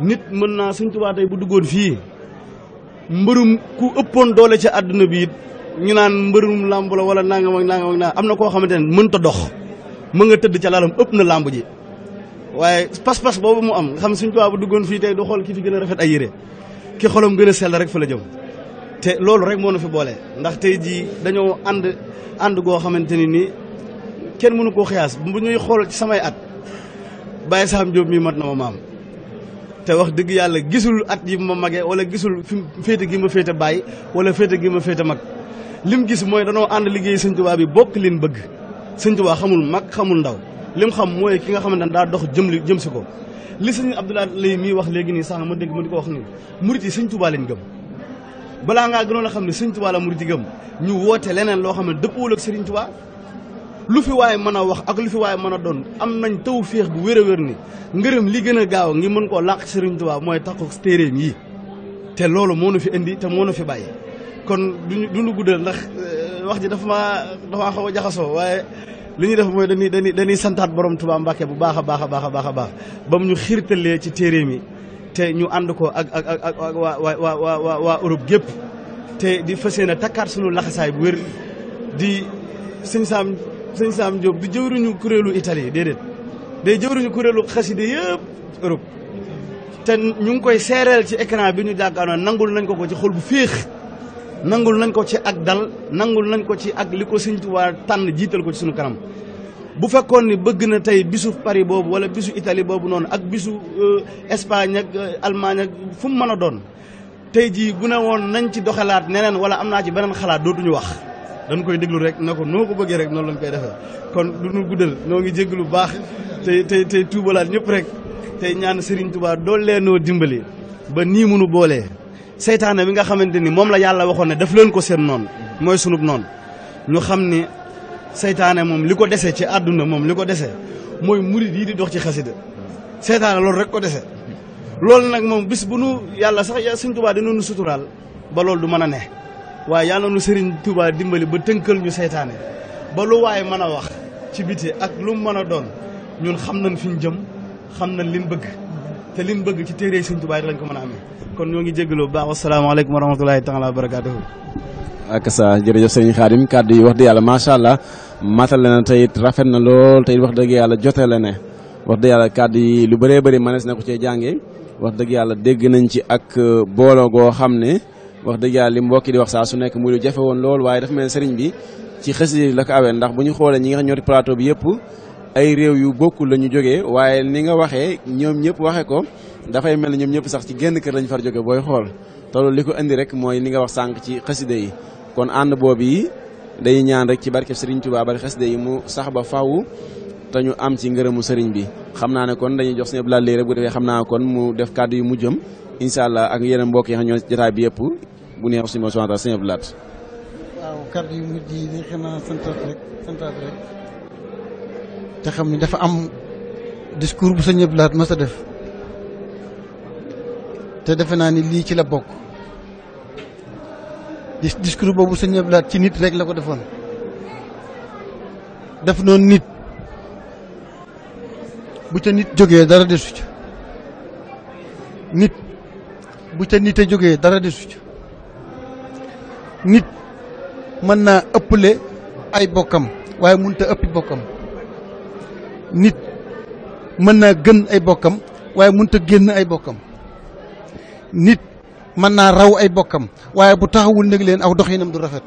nit mën naa Sëñ Tuubaa tey bu duggoon fii mbërum ku ëppoon doole ci àdduna bi it ñu naan mbërum làmb la wala nangam ak nangam ak nangam am na koo xamante ne mënta dox mën nga tëdd ca lalam ëpp na làmb ji waaye pas-pas boobu mu am nga xam Sëñ Tuubaa bu duggoon fii tey du xool ki fi gën a rafet ay yére ki xolam gën a sell rek fa la jëm te loolu rek moo nu fi boole ndax tey jii dañoo xamante ni nii kenn mënu koo xiyaas bu ñuy xool ci samay at bàyyi Baye Sam Diop mii mat na ma maam te wax dëgg yàlla gisul at yi ma mage wala gisul fi féete gi ma féete bàyyi wala féete gi ma féete mag lim gis mooy danoo ànd liggéey Sëñ Tuubaa bi bokk leen bëgg Sëñ Tuubaa xamul mag xamul ndaw lim xam mooy ki nga xamante ne daa dox jëm li jëm si ko li sëñ Abdoulaye lay mii wax léegi nii sànq ma dégg ma di ko wax nii murit yi Sëñ Tuubaa lañ gëm balaa ngaa gënoon a xam ne Sëñ Tuubaa la murit yi ñu woote leneen loo xam ne dëppoo ak Sëriñ Tuubaa lu fi waaye mën a wax ak lu fi waaye mën a doon am nañ taw féex bu wér a wér ni ngërëm li gën a gaaw a ngi mën koo làq Sëriñ Tuubaa mooy takku téeréem yi te loolu moo nu fi indi te moo nu fi bàyyi kon duñu duñu guddal ndax euh, wax ji dafa maa dafa xaw jaxasoo waaye lu ñuy def mooy dañuy dañuy dañuy santaat borom Tuubaa Mbàkke bu baax a baax a baax a baax a baax ba mu ñu xiirtalee ci téeréem yi te ñu ànd ko ak ak ak ak waa waa waa waa Europe gépp te di fas yéene takkaat suñu laxasaay bu wér sëñ Sam Diop du jëwriñu kuréelu itali déedéet day jëwriñu kuréelu xaside yëpp Europe te ñu ngi koy seereel ci écran bi ñu jàkkaarloo nangul nañ ko ko ci xol bu féex nangul nañ ko ci ak dal nangul nañ ko ci ak li ko sëñ Tuubaa tànn jiital ko ci suñu kanam bu fekkoon ni bëgg na tey bisu Paris boobu wala bisu itali boobu noonu ak bisu euh, Espagne ak euh, Allemagne ak fu mu mën a doon tey jii bu ne woon nañ ci doxalaat neneen wala am naa ci beneen xalaat dootuñu wax dañ koy déglu rek na ko noo ko bëggee rek noonu lañ koy defee kon du ñu guddal noo ngi jégg lu baax tey tey tey tuubalaat ñëpp rek tey ñaan Serigne Touba dool leenoo dimbali ba nii mu nu boolee seytaane bi nga xamante ni moom la yàlla waxoon ne daf leen ko seen noonu mooy sunub noon ñu xam ni seytaane moom li ko dese ci àdduna moom li ko dese mooy murit yi di dox ci xasida seytaane loolu rek ko dese loolu nag moom bis bu nu yàlla sax Serigne Touba dinañu suturaal ba loolu du mën a ne waaye yàlla nu Serigne Touba dimbali ba tënkal ñu seytaane ba lu waaye mën a wax ci biti ak lu mën a doon ñun xam nañ fi ñu jëm xam nañ li mu bëgg te li mu bëgg ci téere Serigne Touba rek lañ ko mën a amee kon ñoo ngi jégg bu baax wasalaamaaleykum wa rahmatulahi taala wa barakaatuhu ak sa jërëjëf sëriñ Xaadim kàddu yi wax dëgg yàlla macha allah matal na tey rafet na lool tey wax dëgg yàlla jotee la ne wax dëgg yàlla kàddu yi lu bëree bëri mënees na ko cee jànge wax dëgg yàlla dégg nañ ci ak booloo goo xam ne wax dëgg li mbokki di wax saa su nekk muy lu jafe woon lool waaye dafa mel ne sëriñ bi ci xasida yi la ko awee ndax bu ñu xoolee ñi nga xam ñoo di plateau bi réew yu bokkul la ñu jógee waaye ni nga waxee ñoom ñëpp waxee ko dafay mel ne ñoom ñëpp sax ci genn kër lañu far jóge booy xool te loolu li ko indi rek mooy li nga wax sànq ci xasida yi kon ànd boobu yi dañuy ñaan rek ci barkeb sëriñ Tuubaa bari xasida yi mu sax ba faw te ñu am ci ngërëmu sëriñ bi xam naa ne kon dañuy jox sëñ Abdoulaye rek bu defee xam naa kon mu def kàddu yu mujjëm incha allah ak yeneen mbokk yi xam ñoo jotaay bi yëpp bu neex suñu subhaanahu wa taala sëñ Abdou Lahat waaw kàddu yu mujj yi ni te xam ni dafa am discours bu sëñ Abdou Lahat mas a def te defe naa ni lii ci la bokk discours boobu sëñ Abdou Lahat ci nit rek la ko defoon def noonu nit bu ca nit jógee dara desu ca nit bu ca nit a jógee dara desu ca nit mën naa ëpple ay bokkam waaye mënut a ëppi bokkam nit mën naa gën ay bokkam waaye mënut a génn ay bokkam nit mën naa raw ay bokkam waaye bu taxawul nag leen aw doxinam du rafet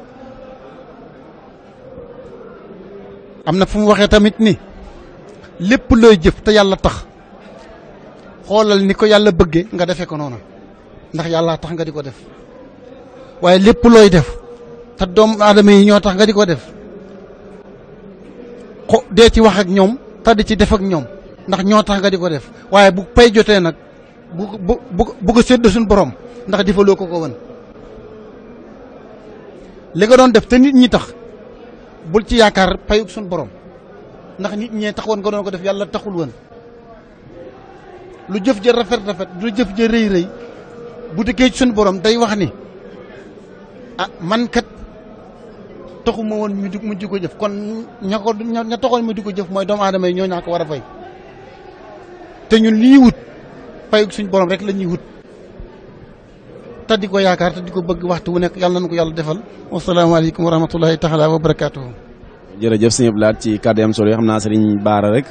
am na fu mu waxee tamit ni lépp looy jëf te yàlla tax xoolal ni ko yàlla bëgge nga defee ko noonu ndax yàlla tax nga di ko def waaye lépp looy def te doom aadama yi ñoo tax nga di ko def xo dee ci wax ak ñoom te di ci def ak ñoom ndax ñoo tax nga di ko def waaye bu pay jotee nag bu bu bu ko sédd suñu borom ndax defaloo ko ko woon li nga doon def te nit ñi tax bul ci yaakaar payug suñu borom ndax nit ñee tax woon nga doon ko def yàlla taxul woon lu jëf ja rafet rafet lu jëf ja rëy rëy bu dëkkee ci suñu borom day wax ni ah man kat taxu woon mu di ko jëf kon ña ko ña taxoon mu di ko jëf mooy doomu aadama yi ñoo ñaa ko war a fay te ñun li wut fayuk suñ borom rek la ñuy wut te di ko yaakaar te di ko bëgg waxtu wu nekk yàlla nu ko yàlla defal wasalaamaaleykum wa rahmatullahi taala wa barakaatuhu jërëjëf sëñ Abdou Lahad ci kàddu sol solo yi xam naa sëriñ Baara rek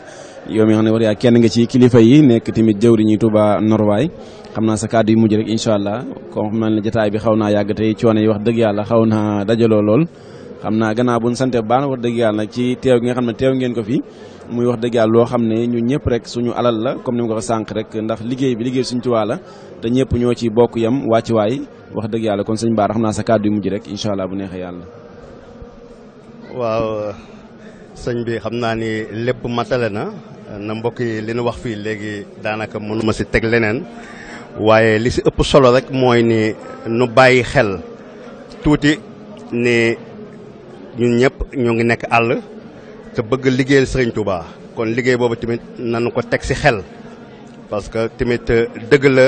yow mi nga xam ne war yaa kenn nga ci kilifa yi nekk tamit jëwriñu Touba Norwaay xam naa sa kàddu yu mujj rek incha allah comme xam naa ne jotaay bi xaw naa yàgg tey coono yi wax dëgg yàlla xaw naa dajaloo lool. xam naa gannaaw bu ñu sante baax wax dëgg yàlla ci teew nga xam ne teew ngeen ko fi muy wax dëgg yàlla loo xam ne ñun ñëpp rek suñu alal la comme ni ma sànq rek ndax liggéey bi liggéey suñu Touba la te ñëpp ñoo ci bokk yam wàcc waay wax dëgg yàlla kon sëñ Bara xam naa sa kàddu yu mujj rek incha allah bu neexee yàlla. waaw sëñ bi xam naa ni lépp matale na na mbokk yi li nu wax fii léegi daanaka mënuma si teg leneen waaye li si ëpp solo rek mooy ni nu bàyyi xel tuuti ni ñu ñëpp ñoo ngi nekk àll te bëgg liggéeyal Serigne Touba kon liggéey boobu tamit nanu ko teg si xel parce que tamit dëgg la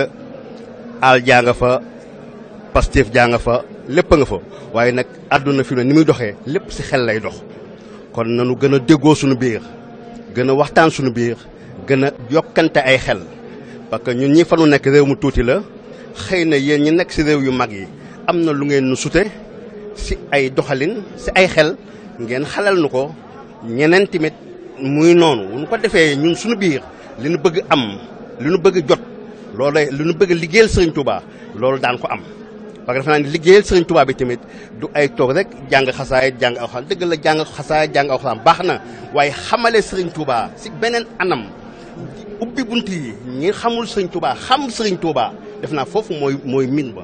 àll jaa nga fa pastif jaa nga fa lépp a nga fa waaye nag àdduna fi ni muy doxee lépp si xel lay dox kon nanu gën a déggoo suñu biir gën a waxtaan suñu biir gën a yokkante ay xel parce que ñun ñi fanu nekk réew mu tuuti la xëy na yéen ñi nekk si réew yu mag yi am na lu ngeen nu sute si ay doxalin si ay xel ngeen xalal nu ko ñeneen tamit muy noonu bu ñu ko defee ñun suñu biir li nu bëgg am li nu bëgg jot loolu lu nu bëgg liggéeyal Serigne Touba loolu daan ko am parce que defe naa ne liggéeyal bi tamit du ay toog rek jàng xasaay jàng alxuraan dëgg la jàng xasaay jàng alxuraan baax na waaye xamale sërëñ Tuubaa si beneen anam ubbi bunt yi ñi xamul sëriñ Tuubaa xam sëriñ Tuubaa def naa foofu mooy mooy min ba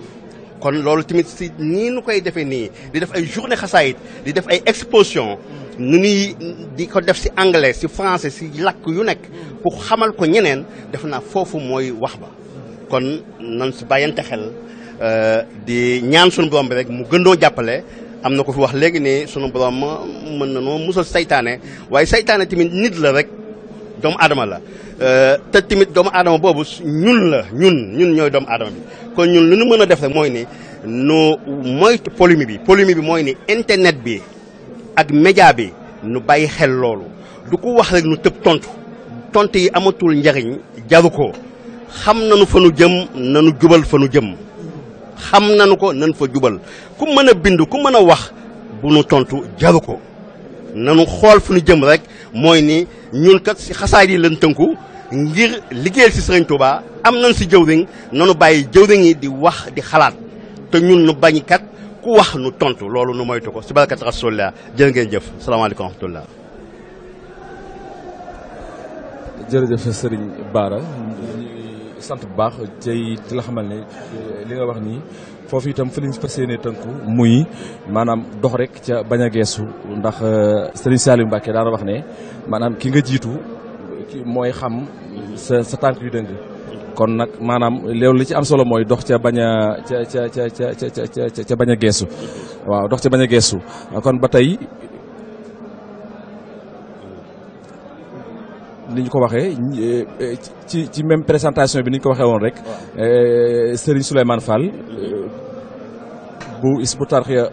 kon loolu tamit si nii nu koy defee nii di def ay journée xasaayit di def ay exposition nu nuy di ko def si anglais si français si lakk yu nekk pour xamal ko ñeneen def naa foofu mooy wax ba kon nan si bàyyante xel Euh, di ñaan suñu borom bi rek mu gëndoo jàppale am na ko fi wax léegi ni sunu borom mën na noo musal seytaane waaye seytaane tamit nit la rek doomu aadama la euh, te tamit doomu adama boobu ñun la ñun ñun ñooy doomu aadama bi kon ñun lu ñu mën a def rek mooy ni nu moytu polémique bi polémique bi mooy ni internet bi ak média bi nu bàyyi xel loolu du ko wax rek nu tëb tontu tontu yi amatul njariñ jaru ko xam nanu fa nu jëm nanu jubal fa nu jëm xam nañu ko nan fa jubal ku mën a bind ku mën a wax bu nu tontu jaru ko nanu xool fu nu jëm rek mooy ni ñun kat si xasaay yi lañ tënku ngir liggéeyal si Sëriñ Tuubaa am nañ si jëwriñ nanu bàyyi jëwriñ yi di wax di xalaat te ñun nu bañ kat ku wax nu tontu loolu nu moytu ko si barakat rasulillah jërë ngeen jëf salaamaaleykum wa rahmatullah jërëjëf Sëriñ sant bu baax tey ci la xamal ne li nga wax nii foofu itam fi lañ fas yéene tënku muy maanaam dox rek ca bañ a geesu ndax euh, Serigne Saliou Mbacke daana wax ne maanaam ki nga jiitu mooy xam sa sa tànk yu dëng kon nag maanaam loolu li ci am solo mooy dox ca bañ a ca ca ca ca ca ca geesu waaw dox ca bañ a geesu kon ba tey ni ñu ko waxee eh, eh, ci ci même présentation bi ni ñu ko waxee woon rek. Eh, Serigne Souleymane Fall bu Hizbut Tarqiyyah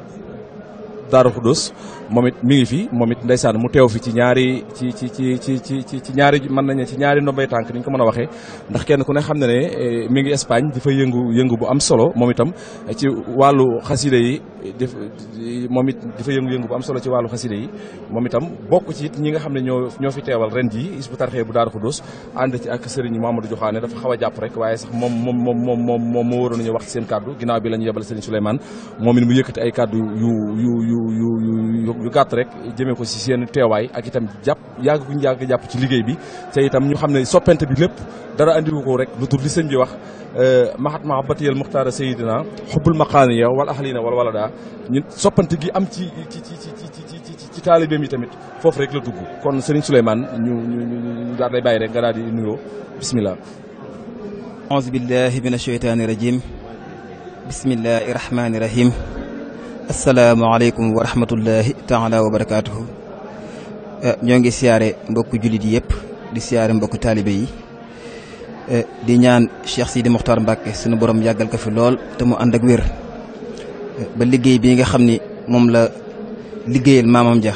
Daaru Khoudoss moom it mi ngi fi moom it ndeysaan mu teew fi ci ñaari ci ci ci ci ci ci ñaari mën nañu ci ñaari ndombay tànk ni ko mën a ndax kenn ku ne xam ne eh, mi ngi Espagne di fa yëngu yëngu bu am solo moom ci wàllu xasida yi def moom di fa yëngu-yëngu bu am solo ci wàllu xasida yi moom itam bokk ci it ñi nga xam ne ñoo ñoo fi teewal ren ji Hizbut Tarqiyyah bu Daaru Xudoos ànd ci ak sëriñ Mamadou Joxaane dafa xaw a jàpp rek waaye sax moom moom moom moom moom moom moo ñu wax ci seen kàddu ginnaaw bi la yebal sëriñ Souleymane moom mu yëkkati ay kàddu yu yu yu yu yu gàtt rek jëmee ko si seen teewaay ak itam jàpp yàgg guñ yàgg jàpp ci liggéey bi te itam ñu xam ne soppante bi lépp dara andiwu ko rek lu tur li sëñ bi wax mahat mahabatiyal muxtaara sayidina xubbul maqaaniya wal ahlina wal walada ñun soppante gi am ci ci ci ci ci taalibeem yi tamit foofu rek la dugg kon Serigne Souleymane ñu ñu daal lay bàyyi rek nga daal di nuyoo bismillah aouzu billahi min asheytaani rajim bismillahi rahmaani rahim السلام عليكم ورحمة الله تعالى وبركاته. نيجي سيارة بكو جولي ديب، دي سيارة بكو طالبي. دينيان شيخ سيدي مختار مباك سنو بروم ياغال كفي لول تمو اندك وير با ليغي بيغا خامني موم لا ليغيال مامام جا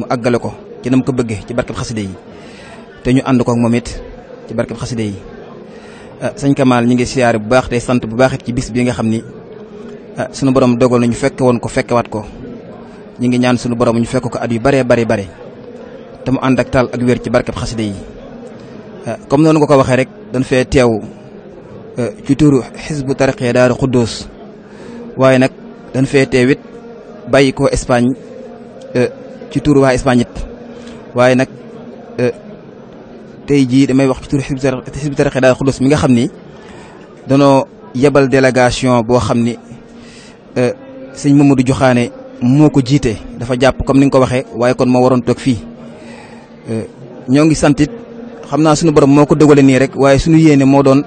مو اغالكو كي نام كو بغي سي بركم خسيدي تي ني اندكو اك موميت سي بركم خسيدي سيغ كمال نيغي سيار بو باخ تي سانت بيس بيغا خامني Eh, sunu borom dogal na ñu fekk woon ko fekkewaat ko ñu ngi ñaan sunu borom ñu fekk ko at yu baree bare bare te mu ànd ak taal ak wér ci barkeb xasida yi eh, comme noonu nga ko waxee rek dañ fee teew eh, ci turu xisbu tarqiya daaru xuddoos waaye nag dañ fee teew it bàyyi ko ci turu waa Espagne waaye nag tey jii damay wax ci turu xisbu mi nga xam ni danoo yebal délégation boo xam ni Euh, sëñ Mamadou Joxaane moo ko jiite dafa jàpp comme ni nga ko waxee waaye kon moo waroon toog fii euh, ñoo ngi santit xam naa suñu borom moo ko dogale nii rek waaye suñu yéene moo doon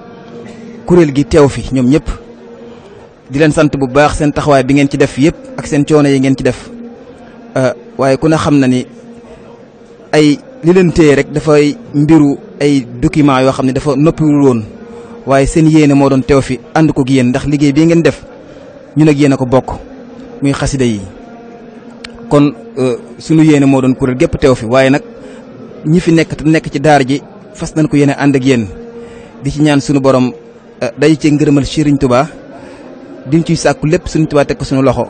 kuréel gi teew fi ñoom ñëpp di leen sant bu baax seen taxawaay bi ngeen ci def yëpp ak seen coono yi ngeen ci def euh, waaye ku ne xam na ni ay li leen téye rek dafay mbiru ay documents yoo xam ne dafa noppiwul woon waaye seen yéene moo doon tew fi ànd ko gi yéen ndax liggéey bii ngeen def ñun ak yéen a ko bokk muy xasida yi kon euh, sunu yéene moo doon kuréel gépp tew fi waaye nag ñi fi nekk te nekk ci daar ji fas nañ ko yéene ànd ak yéen di ci ñaan sunu borom euh, day ci ngërëmal Serigne Touba diñ ciy sàkku lépp Serigne Touba teg ko sunu loxo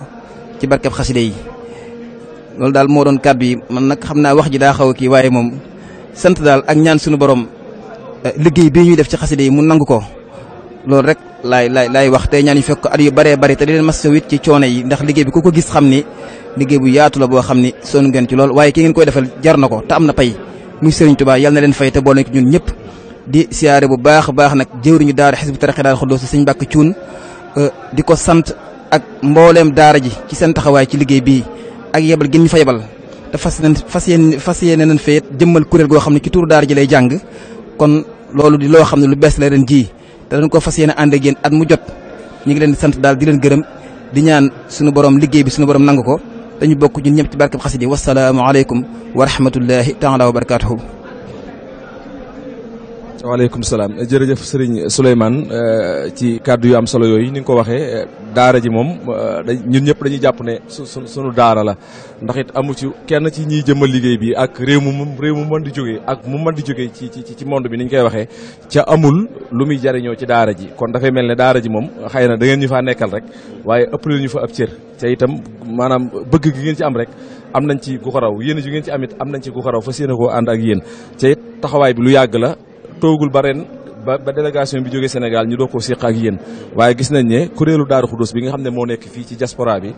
ci barkeb xasida yi loolu daal moo doon kàddu yi man nag xam naa wax ji daa xaw a kii waaye moom sant daal ak ñaan sunu borom euh, liggéey bi ñuy def ci xasida yi mu nangu ko loolu rek laay laay laay wax tey ñaan ñu fekk at yu bëree te di leen mas wit ci coono yi ndax liggéey bi ku ko gis xam ni liggéey bu yaatu la boo xam ni sonn ngeen ci lool waaye ki koy defal jar na ko te am na pay muy Serigne Touba yàlla na leen fay te boole ñun ñëpp di siyaare bu baax baax nag jëwriñu daara xisbu Cuun euh, di ko sant ak mbooleem daara ji ci seen taxawaay ci liggéey bii ak yebal gi ñu fa yebal te fas nañ fas yéen fas yéene nañ fee jëmmal kuréel goo xam ne ci tuuru daara ji lay jàng kon loolu loo xam lu bees la ren ji danañ ko fas yéene ànd ak yéen at mu jot ñu ngi leen di sant daal di leen gërëm di ñaan suñu borom liggéey bi suñu borom nangu ko dañu bokk ñun ñëpp ci barkab xasida yi wasalaamu aleykum wa rahmatullahi taala wa barakatuhu waaleykum salaam jërëjëf Serigne Souleymane euh, ci kàddu yu am solo yooyu ni nga ko waxee euh, daara ji moom euh, ñun ñëpp dañuy jàpp ne su sunu daara la ndax it amu ci kenn ci ñiy jëmmal liggéey bi ak réew mu réew mu mën di jógee ak mu man di jógee ci ci ci monde bi ni ñu koy waxee ca amul lu muy jariñoo ci daara ji kon dafay mel ne daara ji moom xëy na da ngeen ñu faa nekkal rek waaye ëpp lu ñu fa ab cër te itam maanaam bëgg gi ngeen ci am rek am nañ ci gu ko raw yéen ji ngeen ci am am nañ ci ko raw fas yéene ànd ak yéen te taxawaay bi lu yàgg la toogul ba ren ba ba bi jógee Sénégal ñu doog ko séq ak yéen waaye gis nañ ne kuréelu Daaru Xudus bi nga xam ne moo nekk fii ci diaspora bi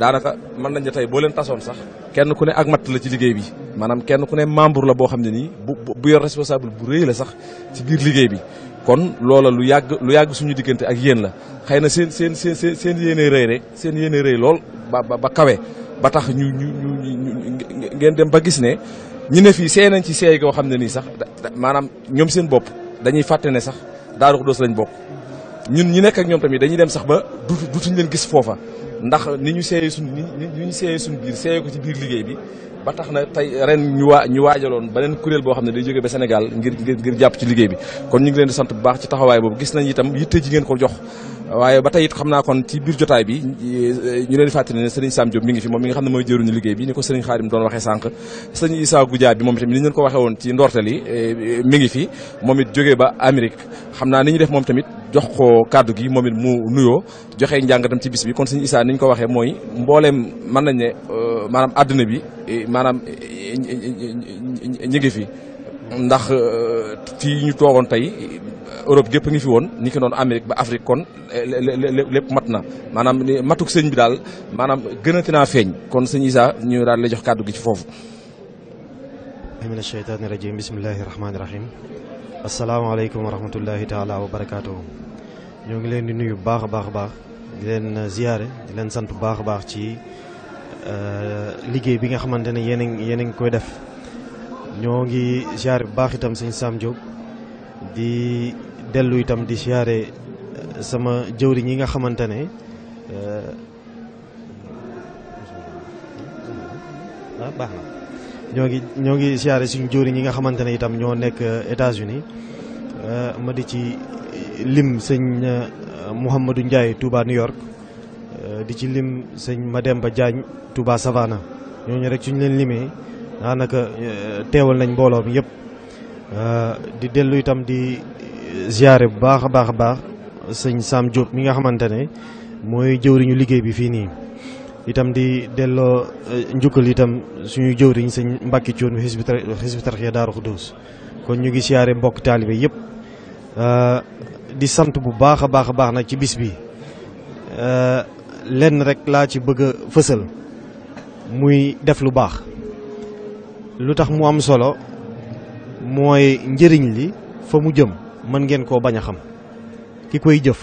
daanaka man nañ ne tey boo leen tasoon sax kenn ku ne ak matt la ci liggéey bi maanaam kenn ku ne membre la boo xam ne nii bu bu yor responsable bu rëy la sax ci biir liggéey bi kon loola lu yàgg lu yàgg suñu diggante ak yéen la xëy na seen seen seen seen seen yéene rëy seen yéene rëy lool ba ba kawe ba tax ñu ñu ñu ngeen dem ba gis ne ñu ne fii seey nañ ci seey goo xam ne nii sax maanaam ñoom seen bopp dañuy fàtte ne sax Daaru Xudoos lañ bokk ñun ñi nekk ak ñoom tamit dañuy dem sax ba du dutuñ leen gis foofa ndax ni ñu seeyee suñ ni ñu seeyee suñ biir seeyee ko ci biir liggéey bi ba tax na tey ren ñu waa ñu waajaloon beneen kuréel boo xam ne day jógee ba Sénégal ngir ngir jàpp ci liggéey bi kon ñu ngi leen di sant bu baax ci taxawaay boobu gis nañ itam yitte ji ngeen ko jox waaye ba tey xam naa kon ci biir jotaay bi ñu leen fàttali ne sëriñ Sam Diop mi ngi fi moom mi nga xam ne mooy jëruñu liggéey bi ni ko sëriñ Xaadim doon waxee sànq sëriñ Issa Goudia bi moom tamit ni ñu leen eh, mi ngi fi moom it jógee ba Amérique xam naa ni ñu def moom tamit jox ko kàddu gi moom it mu nuyoo joxe njàngatam ci bis bi kon sëriñ Issa ni ko waxe mooy mbooleem mën nañ ne euh, maanaam àdduna bi eh, maanaam eh, ñi fi ndax euh, fii ñu toogoon tey Europe gépp ngi fi woon ni ki noonu Amérique ba Afrique kon eh, lépp mat na maanaam matuk sëñ bi daal maanaam gënati naa feeñ kon sëñ Issa ñu daal lay jox kàddu gi ci foofu min asheytaani rajim bismillahi rahmaani rahim asalaamaaleykum wa rahmatullahi taala wa barakaatuhu ñoo ngi leen di nuyu baax a baax a baax di leen ziyaare di leen sant bu baax a baax ci eh, liggéey bi nga xamante ne yéen a yéen a ngi koy def ñoo ngi ziyaare bu baax itam sëñ Sam Diop dellu itam di siyaare eh, sama jëwriñ yi nga xamante ne eh, ah, baax na ñoo ngi ñoo ngi siyaare suñu jëwriñ yi nga xamante ne itam ñoo nekk eh, états uni ma di ci lim sëñ Mouhamadou Ndiaye Touba New York di ci lim sëñ Mademba Diagne Touba Savana ñooñu rek suñu leen limee daanaka teewal nañ mbooloo mi yëpp di dellu itam di ziyaare bu baax a baax a baax sañ Sam Diop mi nga xamante ne mooy jëwriñu liggéey bi fii nii itam di delloo eh, njukkal itam suñu jëwriñ sëñ Mbacke Thion Hizbut Tarqiyyah Daaru Xudoos kon ñu ngi siyaare mbokk taalibe yëpp eh, di sant bu baax a baax a baax nag ci bis bi eh, lenn rek laa ci bëgg fësal muy def lu baax lu tax mu am solo mooy njëriñ li fa mu jëm mën ngeen koo bañ a xam ki koy jëf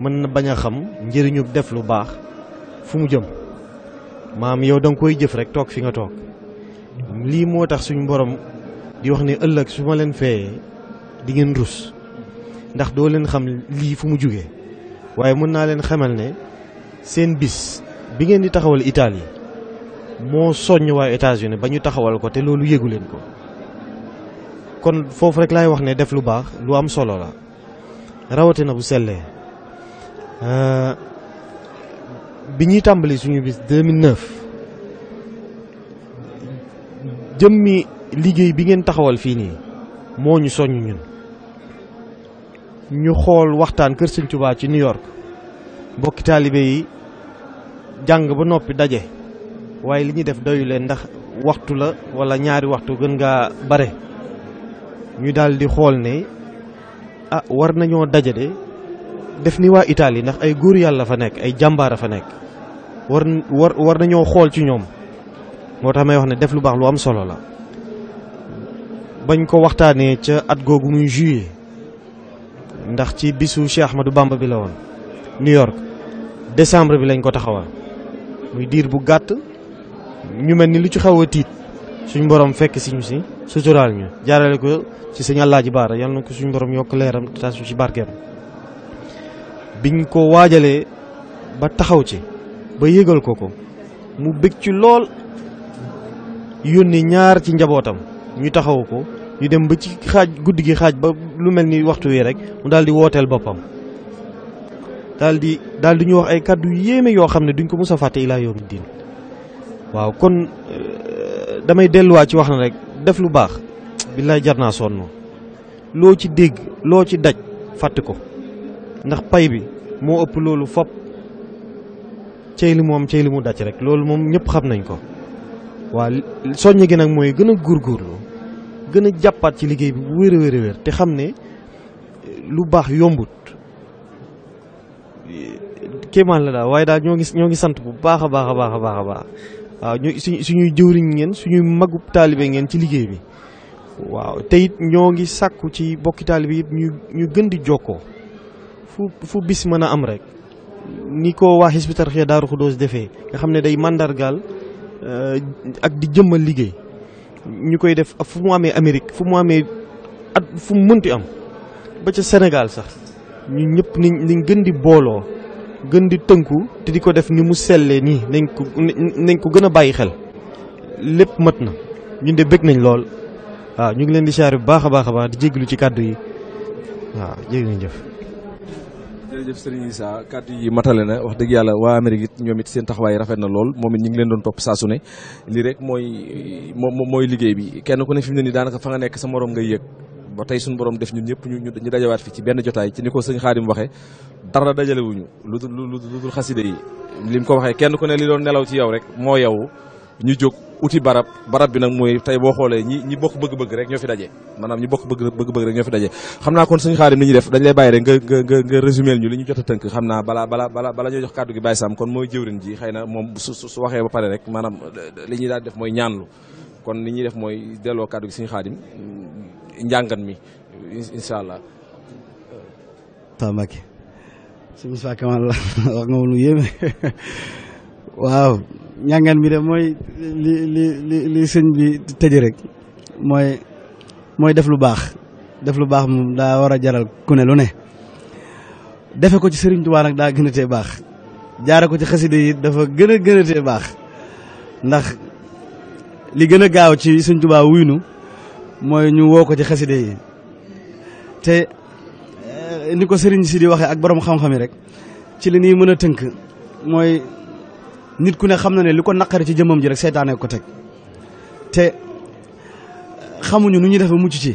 mën na bañ a xam njëriñu def lu baax fu mu jëm maam yow danga koy jëf rek toog fi nga toog lii moo tax suñu borom di wax ne ëllëg su ma leen feeyee di ngeen rus ndax doo leen xam lii fu mu jógee waaye mën naa leen xamal ne seen bis bi ngeen di taxawal yi moo soññ waa États-Unis ba ñu taxawal ko te loolu yëgu leen ko. kon fofu rek lay wax ne def lu bax lu am solo la rawatina bu selle euh ñuy tambali suñu bis 2009 jëmmi liggéey bi ngeen taxawal fi ni moñu soñu ñun ñu xol waxtaan keur seigne touba ci New York bokki talibé yi jang ba nopi dajé waye liñu def doyulé ndax waxtu la wala ñaari waxtu gën nga bare ñu daldi di ne ah war nañu dajale def ni wa Italie ndax ay goor yalla fa nek ay jambaara fa nek war war war nañoo xool ci ñom motax may wax ne def lu bax lu am solo la bañ ko waxtane ci at gogu muy juillet ndax ci bisu Cheikh Ahmadou Bamba bi la New York décembre bi lañ ko taxawal muy dir bu gatt ñu melni ni lu ci xaw a borom fekk siñu si suturaal ñu jaarale ko ci sëñ Alaaji Baara yal na ko suñu borom yokk leeram taas ñu ci barkeem biñ ko waajalee ba taxaw ci ba yëgal ko ko mu bëgg ci lool yónni ñaar ci njabootam ñu taxaw ko ñu dem ba ci xaaj guddi gi xaaj ba lu mel ni waxtu wi rek mu daal di wooteel boppam daal di daal di ñu wax ay kàddu yéeme yoo xam ne duñ ko mës a fàtte ilaa yawmi diin waaw kon eh, damay delluwaat ci wax na rek def lu baax billaay jar naa sonn loo ci dégg loo ci daj fàtte ko ndax pay bi moo ëpp loolu fop cey li moom cey li mu daj rek loolu moom ñëpp xam nañ ko waa soññ gi nag mooy gën a góorgóorlu gën a jàppaat ci liggéey bi bu wér a wér te xam ne lu baax yombut kéemaan la daal waaye daal ñoo ngi ñoo ngi sant bu baax a baax a baax a baax a baax waaw ñu suñu suñuy jëwriñ ngeen suñuy magu taalibe ngeen ci liggéey bi waaw te ñoo ngi sàkku ci bokki taalibe yëpp ñu ñu gën di jokkoo fu bis mën a am rek ni ko waa Hizbut Tarqiyyah Daaru Xudoos defee nga xam ne day màndargaal euh, ak di jëmmal liggéey ñu koy def fu mu amee Amérique fu mu amee at fu mu mënti am ba ca Sénégal sax ñu ñëpp ni gën di booloo gën di tënku te diko def ni mu sellee ni nañ ko nañ ko gëna bayyi xel lepp matna na ñun de bëgg nañ lool wa ñu ngi leen di xaar bu baaxa baaxa baax di jéglu ci cadeau yi wa jégg ñu jëf jërëjëf Serigne isa cadeau yi matalé na wax dëgg yalla wa amerique it ñoom it seen taxaway rafet na lool momit ngi leen doon top sa suné li rek moy moy liggéey bi kenn ku ne ni fa nga nek sa morom nga ba tey suñu borom def ñu ñëpp ñu ñu dajawaat fi ci benn jotaay ci ni ko sëñ Xaadim waxee dara dajalewuñu lu lu lu dul xaside yi li mu ko waxee kenn ku ne li doon nelaw ci yow rek moo yow ñu jóg uti barab barab bi nag mooy tey boo xoolee ñi ñi bokk bëgg-bëgg rek ñoo fi daje maanaam ñi bokk bëgg bëgg-bëgg rek ñoo fi daje xam naa kon sëñ Xaadim li ñuy def dañ lay ñu li ñu jot a tënk xam balaa balaa balaa balaa ñoo jox kàddu gi bàyyi saam mooy ji xëy na moom su waxee ba pare rek maanaam li ñuy daal def mooy ñaanlu kon li ñuy def mooy delloo kàddu gi sëñ Xaadim njàngat mi incha allah. waaw Mbacke si Moussa Kamal wax njàngat mi de mooy li li li li sëñ bi tëj rek mooy mooy def lu baax def lu baax moom daa war a jaral ku ne lu ne defe ko ci Sëriñ Tuubaa nag daa gën a baax jaare ko ci xasida yi dafa gën a gën baax ndax li gën a gaaw ci Sëriñ Tuubaa wuynu mooy ñu woo ko ci xaside yi te eh, ni ko sëriñ si di waxee ak borom xam-xam yi rek ci li ñuy mën a tënk mooy nit ku ne xam na ne li ko naqari ci jëmmam ji rek seytaanee ko teg te xamuñu nu ñuy def mucc ci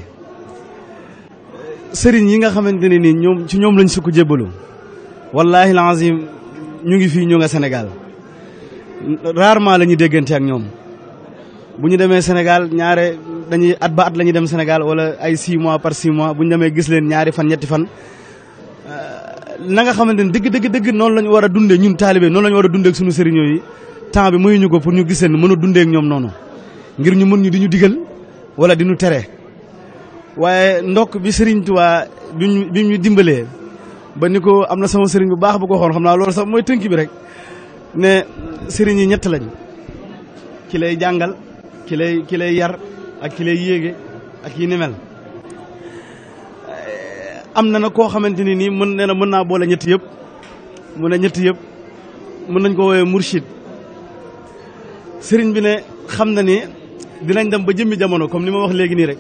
sëriñ yi nga xamante ne nii ñoom ci ñoom lañ sukk jébbalu wallaahi lazim ñu ngi fii ñoo nga Sénégal rarement la ñuy déggante ak ñoom bu ñu demee Sénégal ñaare dañuy at ba at la ñuy dem Sénégal wala ay 6 mois par 6 mois bu ñu demee gis leen ñaari fan ñetti fan. Euh, na nga xamante ne dëgg dëgg dëgg noonu la ñu war a dundee ñun taalibe noonu la ñu war a dundee ak suñu sëriñoo yi temps bi muy ñu ko pour ñu gis leen mën a dundee ak ñoom ngir ñu mën ñu di ñu digal wala di ñu tere. waaye ndokk bi sëriñ Tuubaa bi ñu bi ñu dimbalee ba ni ko am na sama seriñ bu baax bu ko xoon xam naa loolu sax mooy tënk bi rek ne sëriñ yi ñett lañ ki jàngal. ki lay ki lay yar ak kilay lay yéege ak yi ni am na na koo xamante ni nii mën nee na mën naa boole ñetti yëpp mu ne yëpp mën nañ ko woowee mursid sëriñ bi ne xam na ni dinañ dem ba jëmmi jamono comme ni ma wax léegi nii rek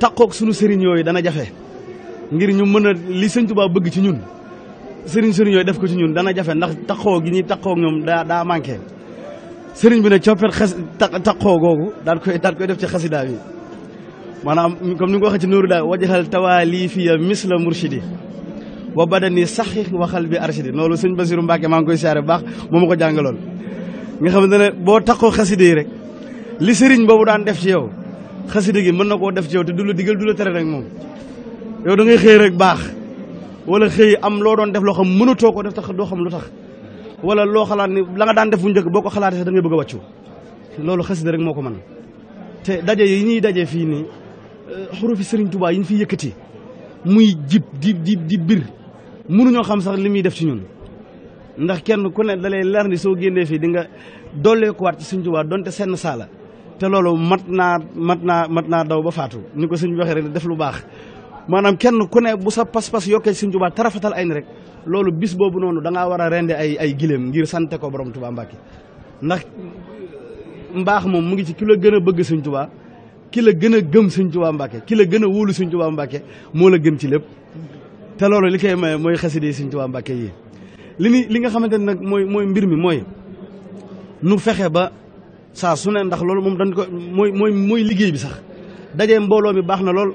takkook sunu sëriñ yooyu dana jafe ngir ñu mën a li sëñ baa bëgg ci ñun sëriñ sëriñ yooyu def ko ci ñun dana jafe ndax takkoo gi ñuy takkoo ñoom daa daa manqué sëriñ bi ne coppet xas taqoo googu daal koy daal koy def ci xasida bi maanaam comme ni nga waxee ci nuuru daa wajaxal tawaali fiya misla murshidi wa badani saxix waxal bi arshidi loolu sëñ Basiru Mbàkke maa ngi koy siyaare bu baax moo ma ko jàngaloon nga xam ne boo taqoo xasida yi rek li sëriñ boobu daan def ci yow xasida gi mën na koo def ci yow te du la digal du la tere rek moom yow da ngay xëy rek baax wala xëy am loo doon def loo xam mënatoo ko def tax doo lu tax wala loo xalaat ni la nga daan def njëkk boo ko xalaatee sax da ngay bëgg a wàccu loolu xasida rek moo ko mën te daje yi ñuy daje fii nii euh, xurufi sëriñ Tuubaa yi ñu fi yëkkati muy jib di di di bir mënuñoo xam sax li muy def ci ñun ndax kenn ku ne da lay leer ni soo génnee fii di nga dolleekuwaat ci sëriñ Tuubaa donte senn saala te loolu mat naa mat naa mat naa daw ba faatu ni ko sëñ bi waxee rek def lu baax maanaam kenn ku ne bu sa pas-pas yokkee Sëriñ Tuubaa tarafatal ay ni rek loolu bis boobu noonu da war a rende ay ay giléem ngir sante ko borom Tuubaa Mbàkke ndax mbaax moom mu ngi ci kilo gën a bëgg Sëriñ Tuubaa ki la gën a gëm Sëriñ Tuubaa Mbàkke ki gën a wóolu Sëriñ Tuubaa Mbàkke moo la gën ci lépp te loolu li koy maye mooy xaside yi Sëriñ Tuubaa Mbàkke yi li ni li nga xamante ne nag mooy mooy mbir mi mooy nu fexe ba saa su ne ndax loolu moom dañ ko mooy mooy liggéey bi sax dajee mbooloo mi baax na lool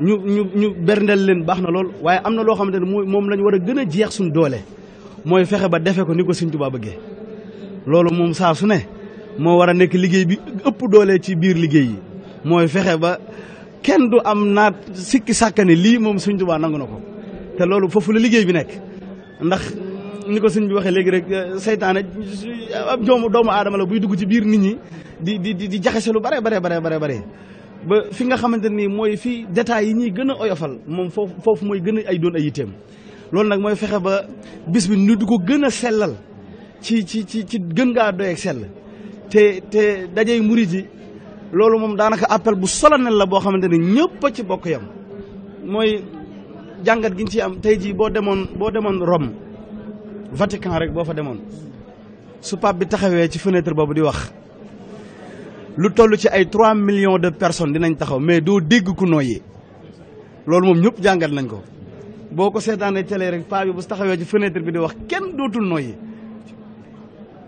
ñu ñu ñu berndeel leen baax na lool waaye am na loo xamante ne moom lañ war a gën a jeex suñ doole mooy fexe ba defe ko ni ko Sëñ Tuubaa bëggee loolu moom saa su ne moo war a nekk liggéey bi ëpp doole ci biir liggéey mooy fexe ba kenn du am naat sikki sàkkani lii moom Sëñ Tuubaa nangu na ko te loolu foofu la liggéey bi nekk ndax ni ko sëñ bi waxee léegi rek euh, seytaane ab joomu doomu aadama la buy dugg ci biir nit ñi di di di jaxase lu bare bare bare bare bare ba fi nga xamante nii mooy fi détails yi ñuy gën a oyofal moom foofu mooy gën ay doon ay yitteem loolu nag mooy fexe ba bis bi nu du ko gën a sellal ci ci ci ci gën gaa doy ak sell te te dajey murid ji loolu moom daanaka appel bu solennel la boo xamante ne ñëpp a ci bokk yam mooy jàngat gi ñu ciy am tey jii boo demoon boo demoon Rome Vatican rek boo fa demoon su pape bi taxawee ci fenêtre boobu di wax lu toll ci ay 3 million de personnes dinañ taxaw mais doo dégg ku noyyee loolu moom ñëpp jàngal nañ ko boo ko seetaanee télé rek paa bu taxawee ci fenêtre bi di wax kenn dootul noyyee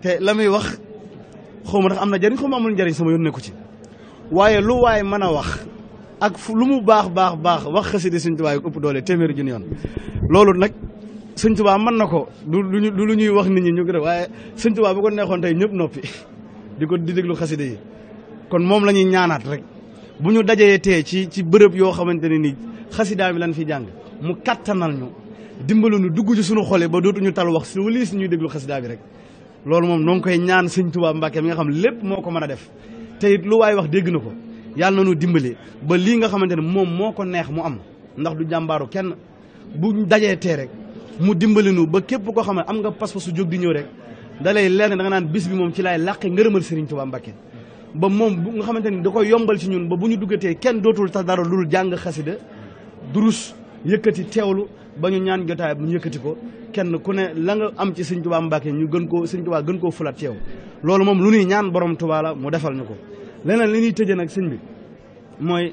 te la muy wax xaw na ndax am na njëriñ xaw amul njëriñ sama yoon ko ci waaye lu waaye mën a wax ak lu mu baax baax baax wax xasida Sëñ Tuubaa ëpp doole téeméeri junni yoon loolu nag Sëñ Tuubaa mën na ko du lu ñuy wax nit ñi ñu gën a waaye Sëñ Tuubaa bu ko neexoon tey ñëpp noppi di ko di déglu xasida yi kon moom la ñuy ñaanaat rek bu ñu dajee tee ci ci bërëb yoo xamante ne ni xasidaa bi lan fi jàng mu kattanal ñu dimbalu ñu dugg ci suñu xole ba dootuñu tal wax si wali si ñuy déglu xasidaa bi rek loolu moom noo ngi koy ñaan sëñ Tuubaa Mbàkke mi nga xam lépp moo ko mën a def te it lu waay wax dégg na ko yàlla na ñu dimbali ba lii nga xamante ne moom moo ko neex mu am ndax du jàmbaaru kenn bu dajee tee rek mu dimbali nu ba képp ko xam ne am nga pas-pasu jóg di ñëw rek da lay leer naan bis bi moom ci laay làqe ngërëmal Sëriñ Tuubaa Mbàkke ba moom bu nga xamante ni da koy yombal ci ñun ba bu ñu duggatee kenn dootul tax dara lul jàng xasida durus yëkkati teewlu ba ñu ñaan jotaay bu ñu yëkkati ko kenn ku ne la am ci sëñ Tuubaa Mbàkke ñu gën koo sëñ Tuubaa gën koo fulaat teew loolu moom lu ñuy ñaan borom tubaala la mu defal ñu ko leneen li ñuy tëjee nag sëñ mooy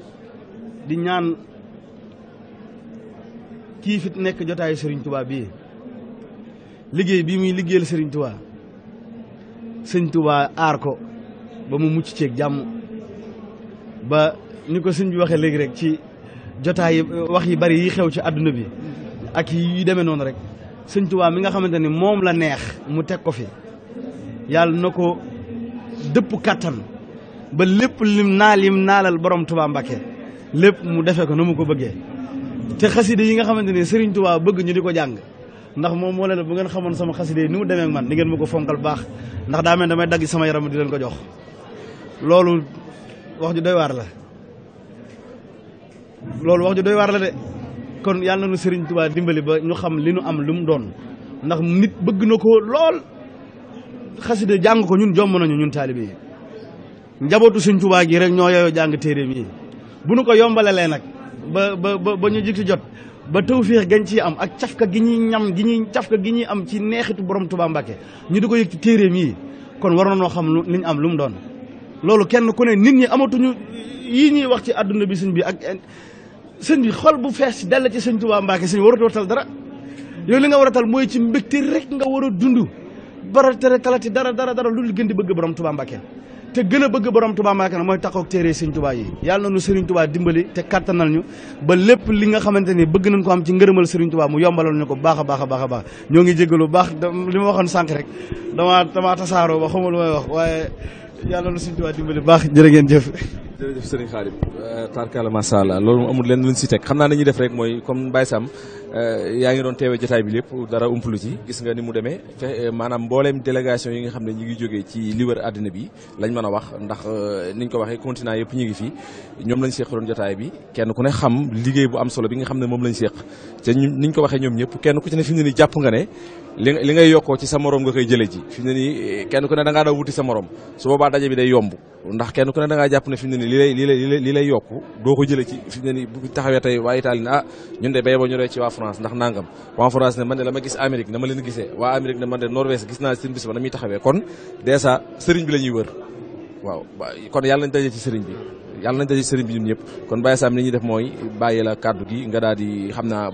di ñaan kii fit nekk jotaayu sëriñ Tuubaa bii liggéey bii muy liggéeyal sëriñ Tuubaa sëñ Tuubaa aar ko ba mu mucc ci ak ba niko ko sëñ bi waxee léegi rek ci jotaay wax yi bari yi xew ci àdduna bi ak yi demee noonu rek sëñ Tuubaa mi nga xamante ni moom la neex mu teg ko fi yàlla na ko dëpp ba lépp lim naa lim borom Tuubaa Mbàkke lépp mu ko ko te xaside yi nga xamante ni Touba bëgg ñu di ko jàng ndax moom moo leen bu ngeen sama xaside yi ni mu demee ak man ni ngeen ma ko fonkal ndax mel damay dagg sama yaram di ko jox loolu wax ju doy war la loolu wax ju doy war la de kon nu Serigne Touba dimbali ba ñu xam li ñu am lu mu doon ndax nit bëgg nako lol xassida jang ko ñun jom nañu ñun taalibe njabotu Serigne Touba gi rek ñoo yooyu jang téré mi bu ñu ko yombalalee nak ba ba ba ñu jig jot ba tawféex gën ci am ak tiafka gi ñi ñam gi ñi tiafka gi ñi am ci neexitu borom Touba Mbacké ñu diko ko yëg ci mi kon war na xam lu ñu am lu mu doon loolu kenn ku ne nit ñi amatuñu yi ñuy wax ci àdduna bi sëñ bi ak sëñ bi xol bu fees dell ci sëñ Tuubaa Mbàkke sëñ waratoo tal dara yow li nga war a tal mooy ci mbégte rek nga war a dund bara tere talati dara dara dara lu gën di bëgg borom Tuubaa Mbàkke te gën a bëgg borom Tuubaa Mbàkke na mooy taxaw téere sëñ Tuubaa yi yàlla nañu sëriñ Tuubaa dimbali te kattanal ñu ba lépp li nga xamante ni bëgg nañ ko am ci ngërëmal sëriñ Tuubaa mu yombalal ñu ko baax a baax a baax a baax ñoo ngi lu baax li ma waxoon sànq rek dama dama tasaaroo ba xamul may wax yàlla na suñu tubaab dimbali baax jërë ngeen jëf. jërëjëf sëriñ Xaadim euh, tarkala macha loolu amul leen luñ si teg xam naa nañuy def rek mooy comme Mbaye euh, yaa ngi doon teewee jotaay bi lépp dara umpalu ci gis nga ni mu demee euh, maanaam mbooleem délégation yi nga xam ne ñi ngi jógee ci liber wër àddina bi lañ mën a wax ndax niñ ko waxee continent yëpp ñu ngi fi ñoom lañ seeqaloon jotaay bi kenn ku ne xam liggéey bu am solo bi nga xam ne moom lañ seeq te niñ ko waxee ñoom ñëpp kenn ku ci ne fi mu ne ni jàpp nga ne li li ngay yokkoo ci sa morom nga koy jëlee ji fi ne nii eh, kenn ku ne da ngaa wuti sa morom su boobaa daje bi day yomb ndax kenn ku ne da ngaa jàpp ne fi mu ne nii li lay li lay li lay yokku doo ko jëlee ci fi mu ne nii bu taxawee tey waa Italie ne ah ñun de bay boo ñu doy ci la ma gis Amérique na ma naa seen ba na muy taxawee kon dèjà sëriñ bi la ñuy wër waaw kon yàlla nañ daje ci sëriñ bi yàlla nañ daje ci sëriñ bi ñun ñëpp kon Baye Sam li ñuy def mooy bàyyi la kàddu gi nga daal xam naa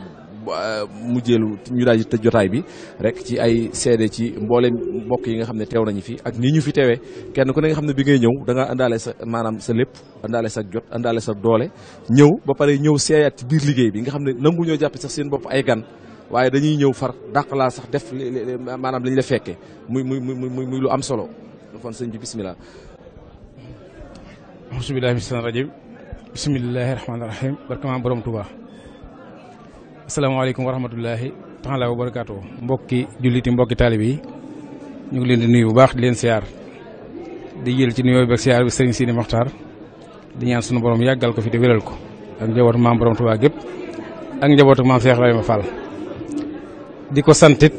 Euh, mujjeelu ñu daal di tëj jotaay bi rek ci ay seede ci mboolem mbokk yi nga xam ne teew nañu fi ak nii ñu fi tewee kenn ku ne nga xam ne bi ngay ñëw danga nga àndaale sa maanaam sa lépp àndaale sa jot àndaale sa doole ñëw ba pare ñëw seeyaat ci biir liggéey bi nga xam ne nangu ñoo jàpp sax seen bopp ay gan waaye dañuy ñëw far dàq laa sax def maanaam lañ la fekkee muy muy muy muy lu am solo kon sëñ bi bisimilah. bisimilah. bisimilahi rahmaani rahim barkamaam borom Assalamualaikum warahmatullahi taala wabarakatuh. mbokki juliti mbokki talibi ñu ngi leen di nuyu bu baax di leen siar di jël ci nuyu bi siar bi serigne Sidi Moxtaar di ñaan suñu borom yagal ko fi di wéral ko ak njabootu maam borom tuba gep ak maam Cheikh Fall di kosan santit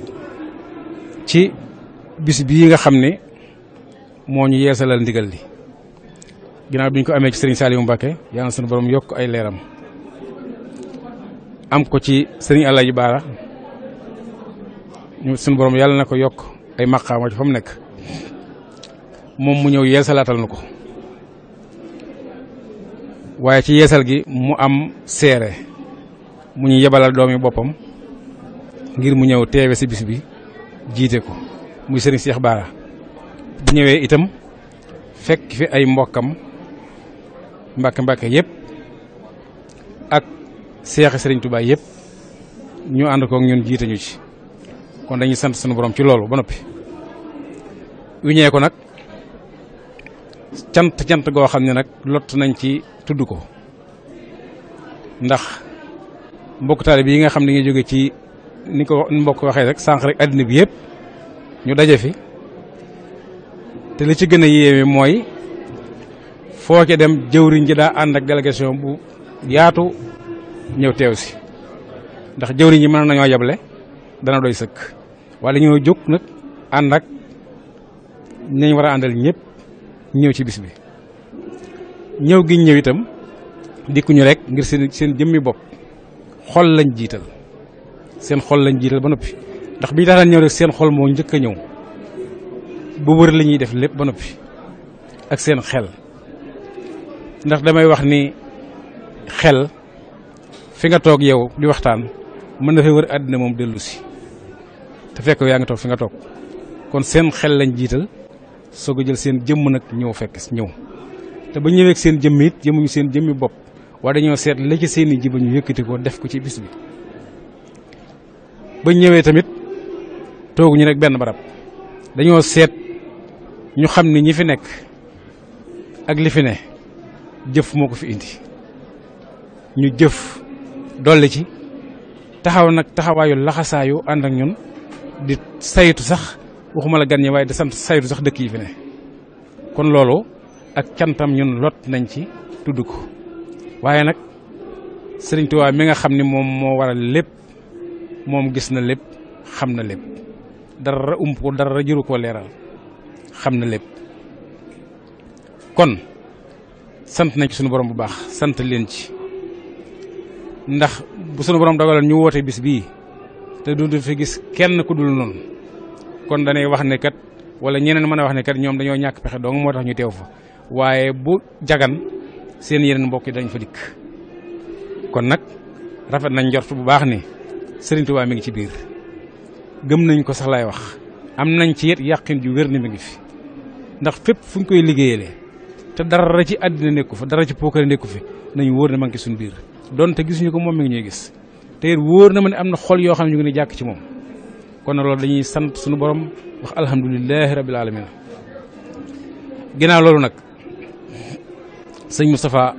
ci bis bi nga xamne mo ñu yeesalal ndigal li ginaaw bi ko amé ci sëriñ suñu borom yok ay leeram am ko ci sëriñ Alaaji Baara ñu suñu borom yàlla na ko yokk ay maqaama ci fa mu nekk moom mu ñëw yeesalaatal na ko waaye ci yeesal gi mu am seere mu ñu yebalal doomi boppam ngir mu ñëw teewe si bis bi jiite ko muy sëriñ Cheikh Baara ñëwee itam fekk fi ay mbokkam mbàkke mbàkke yépp seexi sëriñ Tuubaa yëpp ñu ànd kook ñun jiitañu ci kon dañuy sant sunu boroom ci loolu ba noppi wiñee ko nag cant cant goo xam ne nag lott nañ ci tudd ko ndax mbokk taalibe yi nga xam ne nga jóge ci ni ko mbokk waxee rek sànq rek àddina bi yëpp ñu daje fi te li ci gën a yéeme mooy foo ca dem jëwriñ ji daa ànd ak délégation bu yaatu ñew tew ci ndax jëwri ñi mëna nañoo yablé dana doy sëkk wala ñoo juk nak and ak ñi wara andal ñepp ñew ci bis bi ñew gi ñew itam ñu rek ngir seen seen jëmmi bop xol lañ jital seen xol lañ jital ba nopi ndax bi dara ñew rek seen xol mo ñëk ñew bu wër li def lepp ba nopi ak seen xel ndax damay wax ni xel fi nga toog yow di waxtaan mën na fi wër àddina moom dellusi si te fekk yaa ngi toog fi nga toog kon seen xel lañ jiital soo ko jël seen jëmm nag ñëw fekk ñëw te ba ñëwee seen jëmm it jëmuñu seen jëmmi bopp waaye dañoo seet la ci seen i ji ñu yëkkati ko def ko ci bis bi ba ñëwee tamit tooguñu rek benn barab dañoo seet ñu xam ni ñi fi nekk ak li fi ne jëf moo ko fi indi ñu jëf dolli ci taxaw nag taxawaayu laxasaayu ànd ak ñun di saytu sax waxuma la gan ñi waaye di sant saytu sax dëkk yi fi ne kon loolu ak cantam ñun lot nañ ci tudd ko waaye nag Sëriñ mi nga xam ni moom moo waral lépp moom gis na lépp xam na lépp dara ump ko dara jëru ko leeral xam na lépp kon sant nañ ci suñu borom bu baax sant leen ci ndax bu sunu borom dogaloon ñu woote bis bii te du fi gis kenn ku dul noonu kon danay wax ne kat wala ñeneen mën a wax ne kat ñoom dañoo ñàkk pexe dong moo tax ñu teew fa waaye bu jagan seen yeneen mbokk yi dañ fa dikk kon nag rafet nañ njort bu baax ni Sëriñ Tuubaa mi ngi ci biir gëm nañ ko sax laay wax am nañ ci yet yàqin ju wér ne mi ngi fi ndax fépp fu ñu koy liggéeyalee te dara ci àddina nekku fa dara ci pookare nekku fi nañ wóor ne ma ngi suñu biir donte gisuñu ko moom mi ngi ñuy gis te wóor na ma ne am na xol yoo xam ne ñu ngi ne jàkk ci moom kon na loolu dañuy sant suñu borom wax alhamdulilahi rabil alamin ginnaaw loolu nag sëñ Moustapha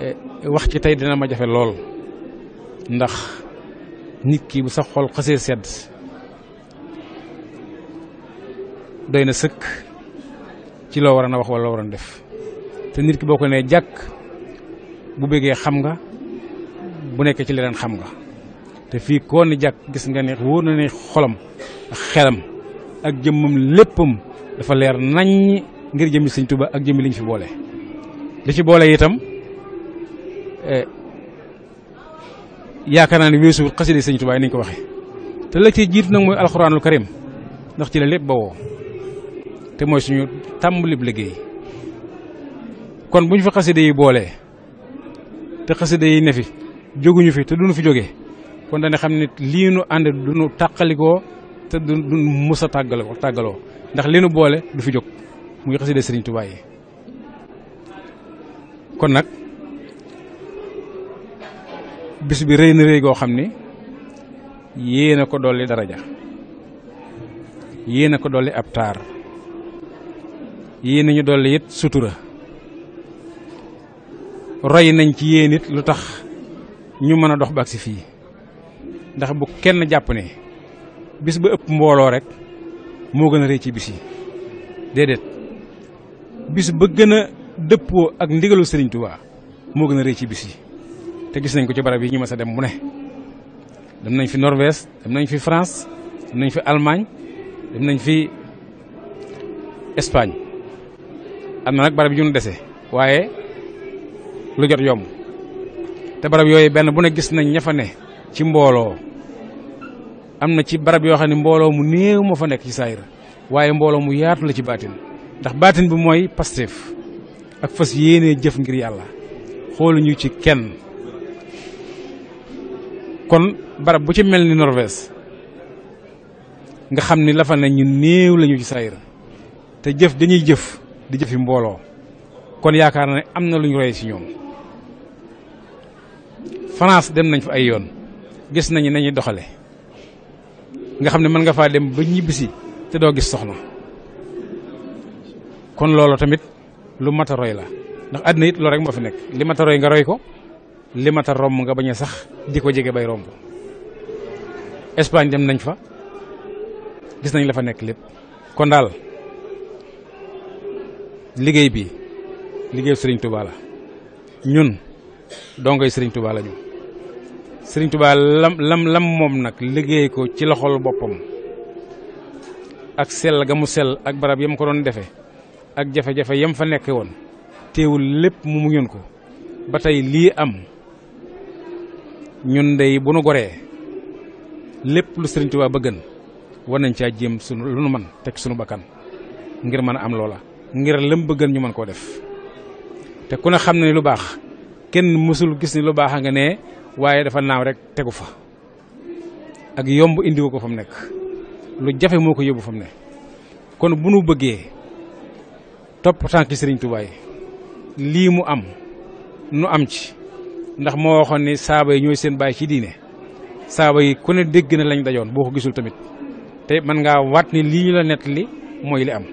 eh, wax ci tey dina ma jafe lool ndax nit kii bu sax xol xasee sedd doy na sëkk ci loo waroon a wax wala loo waroon def te nit ki boo ko nee jàkk bu bëggee xam nga bu nekkee ci leneen xam nga te fii koo ni jàkk gis nga ne wóor na ne xolam ak xelam ak jëmmam léppam dafa leer naññ ngir jëmmi sëñ Tuba ak jëmmi li ñu fi boole li ci boole itam eh, yaakaar naa ne weesu xasida sëñ Tuba ni ñu ko waxe te la ci jiitu nag mooy alxuraanul karim ndax ci la lépp ba woo te mooy suñu tàmbalib liggéey kon bu ñu fi xasida yi boole te xasida yi ne fi jóguñu fi te duñu fi jógee kon dañu xam ne lii nu ànd duñu tàqalikoo te du du mus a tàggaloo ndax li nu boole du fi jóg muy yi kon bis bi rëy na rëy goo xam ko dolli daraja yéen ko dolli ab taar ñu dolli sutura roy nañ ci yéen it lu tax ñu mën a dox ba agsi fii ndax bu kenn jàpp ne bis ba ëpp mbooloo rek moo gën a rëy ci bis yi déedéet bis ba gën a dëppoo ak ndigalu Sëriñ Tuubaa moo gën a rëy ci bis yi te gis nañ ko ci barab yi ñu mës a dem mu ne dem nañ fi Norvège dem nañ fi France dem nañ fi Allemagne dem nañ fi Espagne am na nag barab yu ñu dese waaye lu jot yomb te barab yooyu benn bu ne gis nañ ña fa ne ci mbooloo am na ci barab yoo xam Dah batin mu néew moo fa nekk ci saayir waaye mbooloo mu yaatu la ci ndax Pastef ak fas jëf ngir ci kenn kon barab bu ci mel ni Norvège nga xam ni la fa ne ñu néew lañu ci saayir te jëf dañuy jëf di jëfi mbooloo kon yaakaar na ne am roy ci ñoom France dem nañ fa ay yoon gis nañu nañuy doxale nga xam ne mën nga faa dem ba ñibbisi te doo gis soxna kon loolu tamit lu mat a roy la ndax àddina it loolu rek moo fi nekk li mata a roy nga roy ko li mat a romb nga bañ sax di ko jege bay romb Espagne dem nañ fa gis nañ la fa nekk lépp kon daal liggéey bi liggéeyu sëriñ Touba la ñun dongoy Serigne Touba la ñu sëriñ Tuubaa lam lam lam moom nag liggéey ko ci loxol boppam ak sell ga mu sel ak barab yam ko doon defe ak jafe-jafe yam fa nekke woon téewul lépp mu muñoon ko ba tey lii am ñun dey bu nu goree lépp lu sëriñ Tuubaa bëggan war nañ caa jéem sunu lu nu man teg sunu bakkan ngir mën a am loola ngir lëm bëggan ñu mën koo def te ku ne xam ne lu baax kenn mësul gis ni lu baax a nga ne waaye dafa naaw rek tegu fa ak yomb indiwu ko fa mu nekk lu jafe moo ko yóbbu fa mu ne kon bu nu bëggee topp tànki sëriñ Tuubaa lii mu am nu am ci ndax moo waxoon ni saaba yi ñooy seen baay ci diine saaba yi ku ne dégg na lañ dajoon boo ko gisul tamit te mën ngaa waat ni lii ñu la nettali mooy li am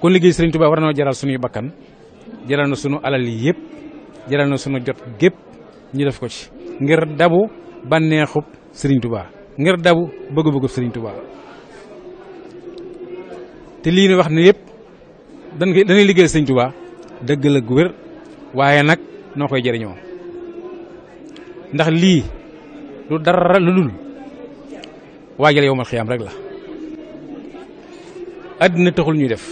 kon liggéey sëriñ Tuubaa war nañoo jaral suñuy bakkan jaral na sunu alal yi yëpp jaral na sunu jot gépp ñu def ko ci ngir dabu bànneexub Serigne Touba ngir dabu bëgg-bëggub Serigne Touba te lii ne wax ne yépp dañ koy dañuy liggéey Serigne Touba dëgg la gu waaye nag noo koy jëriñoo ndax lii lu dara lu dul waajal yow mal xiyaam rek la àddina taxul ñuy def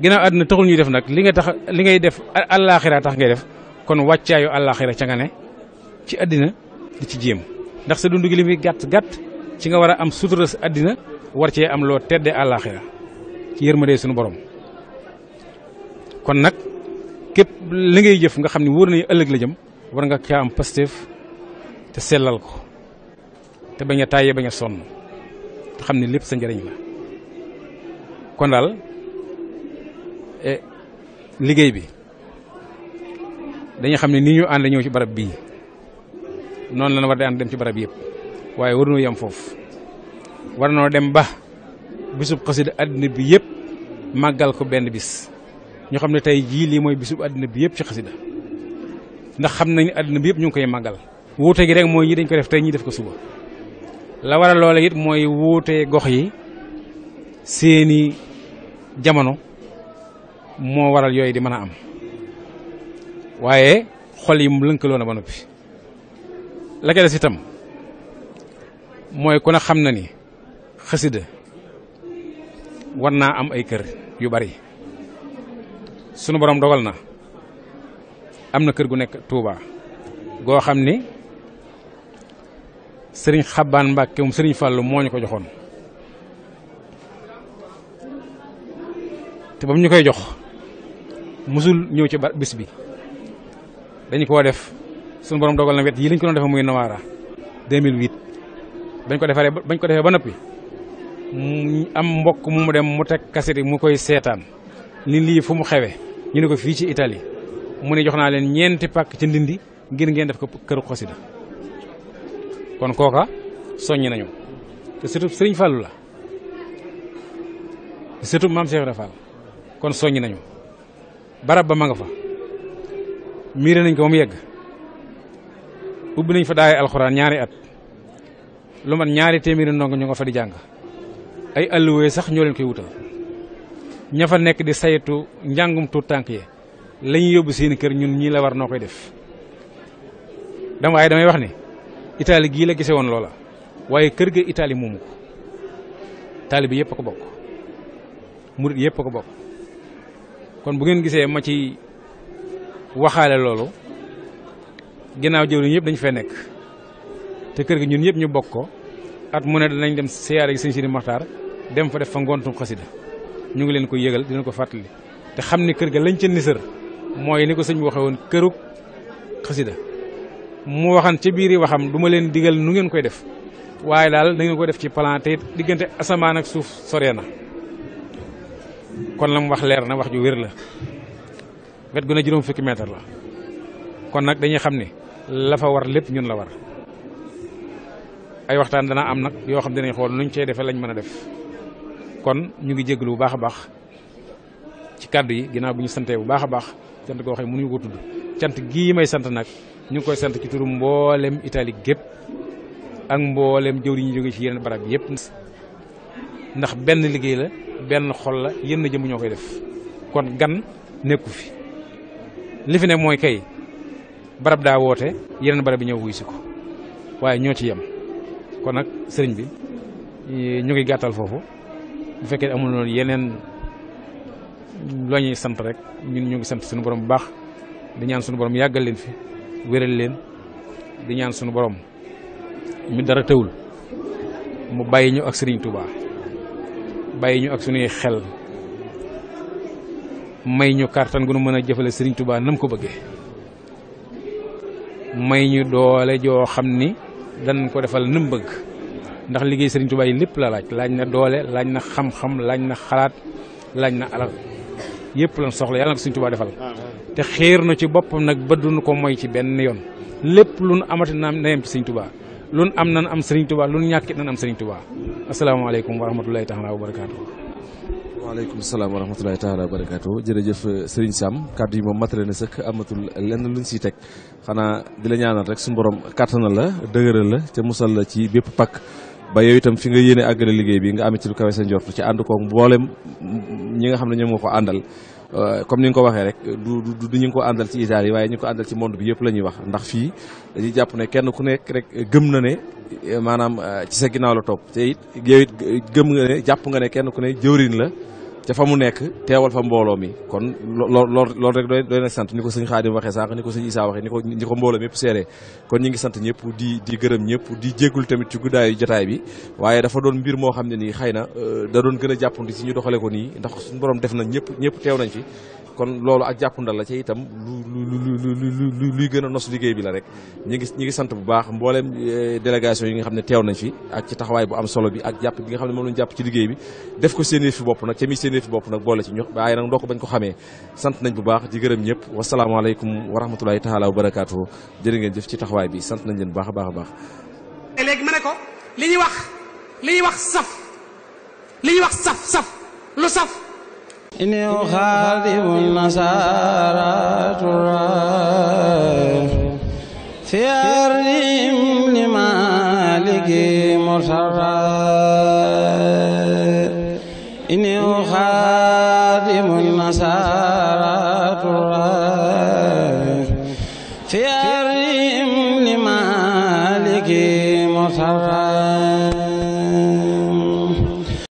ginnaaw àddina taxul ñuy def nag li nga tax li ngay def allaaxira tax ngay def kon waccayu alakhirah ci nga ne ci adina di ci jiem ndax sa dundu gi limi gatt gatt ci nga wara am sutura sa àddina war ci am lo tedde alakhirah ci yërmande suñu borom kon nak, kep li ngay jëf nga xamni ne wóor nañu la jëm war nga ci am pastef te selal ko te baña tayé baña son, te xam sa ndariñ la kon e bi dañuy xam ne nii ñu ànd ñëw ci barab bii noonu la war di ànd dem ci barab yëpp waaye war noo yem foofu war noo dem ba bisub xasida àddina bi yëpp màggal ko benn bis ñu xam ne tey jii lii mooy bisub àddina bi yëpp ci xasida ndax xam nañu àddina bi yëpp ñu ngi koy màggal wuute gi rek mooy ñi dañ ko def tey ñi def ko suba la war a it mooy wuute gox yi seeni jamono moo waral yooyu di mën a am waaye xol yi mu lënkaloo na ba noppi la ca mooy ku ne xam na ni xasida war naa am ay kër yu bari sunu borom dogal na am na kër gu nekk Touba goo xam ni sëriñ Xabaan Mbàkke moom sëriñ Fàllu moo ñu ko joxoon te ba mu ñu koy jox musul ñëw ci bis bi dañ koo def suñu borom dogal na wet yi lañ ko doon defee muy Nawara 2008 bañ ko defaree bañ ko defee ba noppi am mbokk mu mu dem mu teg kaset mu koy seetaan ni lii fu mu xewee ñu ne ko fii ci Italie mu ne jox naa leen ñeenti ci ndindi ngir ngeen def ko këru xasida kon kooka soññ nañu te surtout Sëriñ Fallu la surtout maam Cheikh Ibra kon soññ nañu barab ba ma nga fa miré nañ ko mu yegg ubbi nañ fa daay ñaari at lu man ñaari téeméeri ndongo ñu nga fa di jang ay alluwee sax ñoo leen koy wutal ña fa nekk di saytu njangum tout tank ye ya. lañ yobbu seen kër ñun ñi la war nokoy def dam way damay wax ni Italie gi la gise won lola waye kër ga Italie ko talib yépp ko bok yépp ko bok kon bu ngeen gisee ma ci waxaale loolu ginnaaw jëwriñ yëpp dañu fee nekk te kër gi ñun yëpp ñu bokk ko at mu ne danañ dem siyaare gi sëñ sini maxtar dem fa def fa ngontum xasida ñu ngi leen ko yëgal dina ko fàttali te xam ni kër gi lañ ca nisër mooy ni ko sëñ bi waxee woon kërug xasida mu waxan ca biir waxam du ma leen digal nu ngeen koy def waaye daal da ngeen koy def ci plan te diggante asamaan ak suuf soree na kon la mu wax leer na wax ju wér la wet gu ne juróom fukki mètre la kon nag dañuy xam ne la fa war lépp ñun la war ay waxtaan dana am nag yoo xam dinañ xool nuñ cee defee lañ mën a def kon ñu ngi jéglu bu baax a baax ci kàddu yi ginaaw bi ñu santee bu baax a baax cant koo xam ne mënuñu ko tudd cant gii may sant nag ñu ngi koy sant ci turu mboolem Italie gépp ak mboolem jëwri ñu jóge ci yeneen barab yëpp ndax benn liggéey la benn xol la yenn jëmm ñoo koy def kon gan nekku fi li fi ne mooy kay barab daa woote yeneen barab bi ñëw wuy ko waaye ñoo ci yem kon nag sëriñ bi eh, ñu ngi gàttal foofu bu fekkee amul noonu yeneen loo ñuy sant rek ñun ñu ngi sant suñu borom bu baax di ñaan suñu borom yàggal leen fi wéral leen di ñaan suñu borom mi dara tëwul mu bàyyi ñu ak sëriñ Touba bàyyi ñu ak suñuy xel may ñu kàttan gu nu mën a jëfale sëriñ Tuubaa nam ko bëggee may ñu doole joo xam ni dañ ko defal nam bëgg ndax liggéey sëriñ Tuubaa yi lépp la laaj laaj na doole laaj na xam-xam laaj na xalaat laaj na alal yëpp lan soxla yàlla na ko sëriñ Tuubaa defal te xéer na ci boppam nag ba duñu ko moy ci benn yoon lépp lu nu amati naam na yem ci sëriñ Tuubaa lu am nan am sëriñ Tuubaa lu nu ñàkkit nan am sëriñ Tuubaa asalaamaaleykum wa rahmatullahi taala wa barakaatu waaleykum salaam wa rahmatulahi taala wa barakaatu jërëjëf Serigne Sam kàddu yi moom matale na sëkk amatul lenn luñ siy teg xanaa di la ñaanal rek suñu borom kàttanal la dëgëral la te musal la ci bépp pakk ba yow itam fi nga yéene àggale liggéey bi nga amee ci lu kawe sa njort ci ànd koog mboolem ñi nga xam ne ñoom moo ko àndal. Euh, comme ni nga ko waxee rek du du ñu ngi ko àndal ci Italie waaye ñu ko àndal ci monde bi yëpp la ñuy wax ndax fii dañuy jàpp ne kenn ku nekk rek gëm na ne maanaam euh, ci sa ginnaaw la topp te it nga jàpp nga ne kenn ku ne jëwriñ la. ca fa mu nekk teewal fa mbooloo mi kon lool loolu rek doy doy sant ni ko sëñ Xaadim waxee sànq ni ko sëñ Isaa waxee ni ko ni ko mbooloo mi yëpp seeree kon ñi ngi sant ñëpp di di gërëm ñëpp di jéggul tamit ci guddaayu jataay bi waaye dafa doon mbir moo xam ne nii xëy na euh, da doon gën a jàppandi si ñu doxale ko nii ndax suñu boroom def na ñëpp ñëpp teew nañ fi kon loolu ak jàppandal la ci itam lu luy gën a nos liggéey bi la rek ñi ngi ñi ngi sant bu baax mbooleem eh, délégation yi nga xam ne teew nañ fi ak ci taxawaay bu am solo bi ak jàpp bi nga xam ne moom lañu jàpp ci liggéey def ko seen yëfi bopp nag ca mi seen yëfi bopp nag boole ci ñu ko bañ ko nañ bu baax di gërëm ñëpp wasalaamaaleykum wa rahmatulahi taala wa barakaatu jërë ngeen jëf ci taxawaay bi sant nañ leen a baax a baax wax li ñuy wax saf li ñuy wax saf saf lu saf إني أخاذب النصارى ترى في أرضهم لمالك مسرى إني أخاذب النصارى